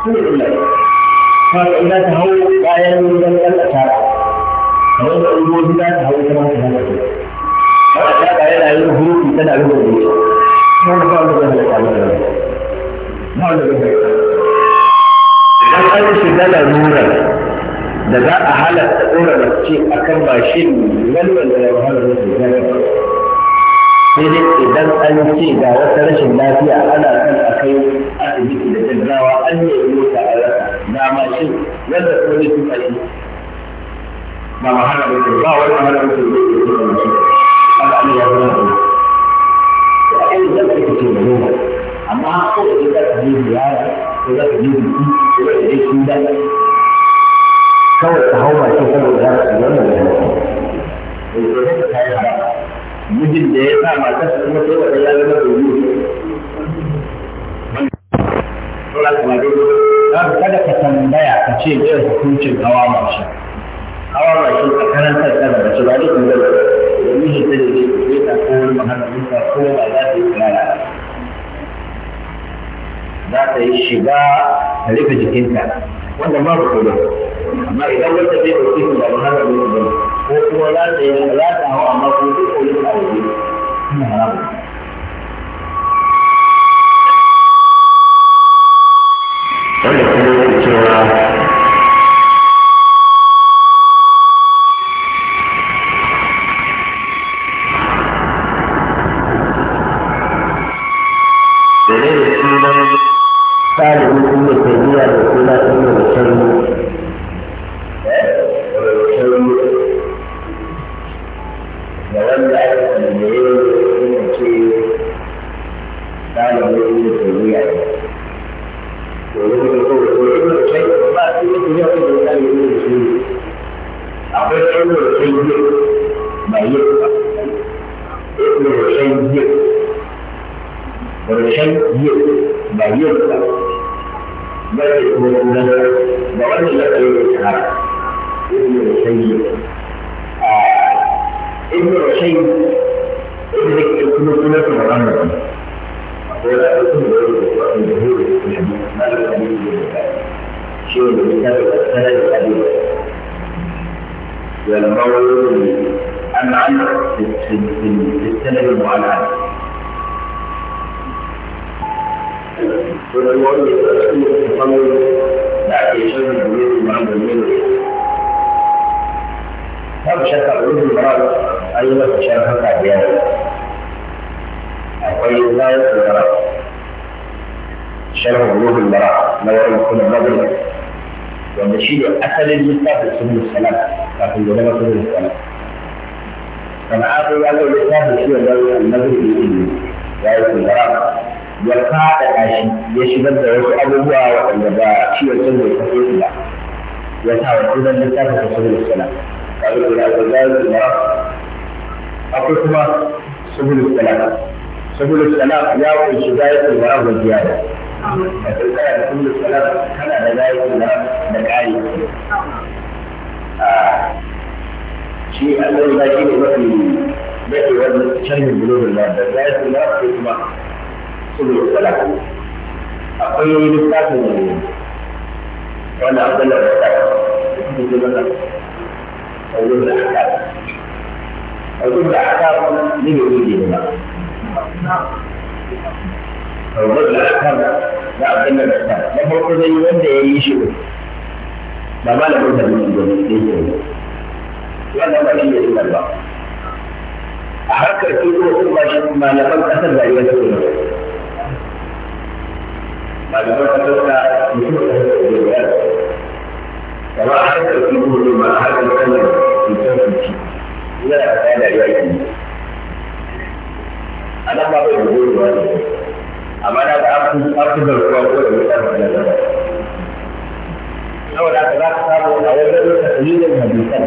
Speaker 1: su da illa ba ta illa ta hau bayan ruwan Allah ta kamar da ruwan za ta hau ta ma ta hawa ba ta ba yana yin hurufi tana yin hurufi ba ba ba ba ba ba ba ba ba ba ba da za a halatta ɗora mace a kan mashin lalwal da ya wahala da su zai sai dai idan an ce ga wata rashin lafiya ana kan a kai asibiti da gaggawa an yi mota a rasa na mashin wanda ko zai tuka shi ba wahala da su ba wani wahala da su zai tuka mashi al'amari ya zama da su a irin da suke ce da noma amma ko da za ka je ziyara ko za ka je biki ko za ka je shi kawai ta hau bakin saboda ya rasu wannan da ya bai so ta yi hau mijin da ya sa matar su kuma sai wata ya zama domin kada ka tambaya ka ce zai hukuncin hawa mashi hawa mashi a karanta karantar da ba su ba duk da domin shi ta da ke kuɗe ta ko wani maharaminta ko ba za ta yi tsara za ta yi shiga ta rufe jikinta cuando más ba más te que no lo de de
Speaker 3: la
Speaker 1: kasar da iya cikin malamai ta dauka mutum da ya ce ya da ba a haka da kuma da ma har da kalmar cutar cuci ina da kayan da ya yi a nan ba bai da goyi ba ne amma na ga an fi garkuwa ko da mutane da zama saboda haka za ka samu a wani lokacin yin hadisan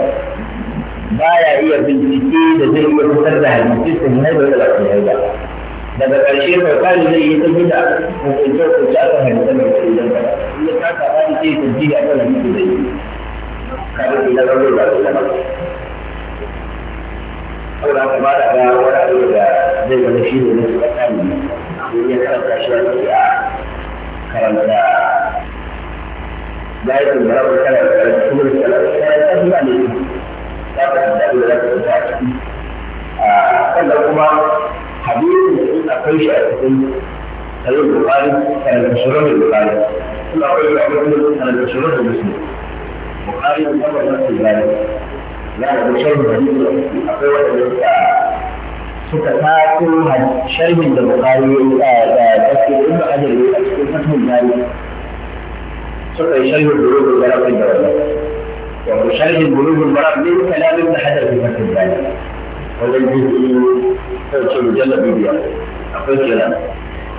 Speaker 1: baya iya bincike da zai iya fitar da hadisi sun haifar da lafiya daga ƙarshe farfari zai yi tafi da hukunce hukunce a kan hadisan da ke zama ya ta saba da ke tafi da kan hadisan da yi kada ke zama zai ba su zama saboda haka ba da ga wani abu da zai zama shi ne na su ƙasa ne domin ya karanta shi wani a karanta bayan da rabu karanta karanta karanta karanta karanta karanta karanta karanta karanta karanta karanta karanta karanta karanta sannan kuma hadisin akwai shi a cikin sahih bukhari sanan sunan bukhari kuma akwai shi a cikin sanan sunan muslim bukhari kuma ba su gani za a ga sharhin hadisi akwai wanda suka suka tato sharhin da bukhari ya yi da tafsir ibn hajar ya a cikin fathul bari suka yi sharhin bulugul maram da wannan wato sharhin bulugul maram ne kalamin da hajar ya fathul bari wajen jirgin sauke da jallabi biya akwai kenan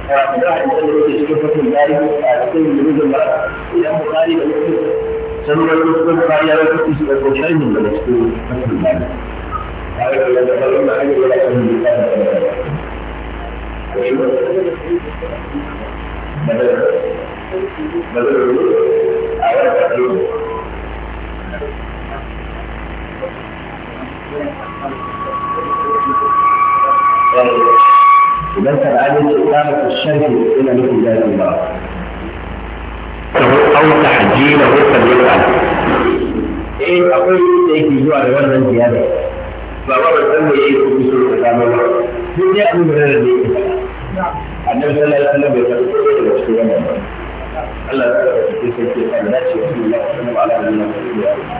Speaker 1: a da a cikin da cikin fasin gari a cikin jirgin ba idan bukari da mutum sun yi cikin bukari ya rufe su da ko sharhin da cikin fasin gari a da da da da da
Speaker 3: da Thank you.
Speaker 1: إذا كان عليك إقامة الشرك إلى مثل ذلك الله أو تحجيله فليفعل إيه أقول لك إيه في جوع الولد زيادة فأمر الأم إيه في سورة الإقامة من يأمن من الذي النبي صلى الله عليه وسلم يقول إيه، الله تعالى في سورة الإقامة لا شيء الله وسلم
Speaker 3: على أن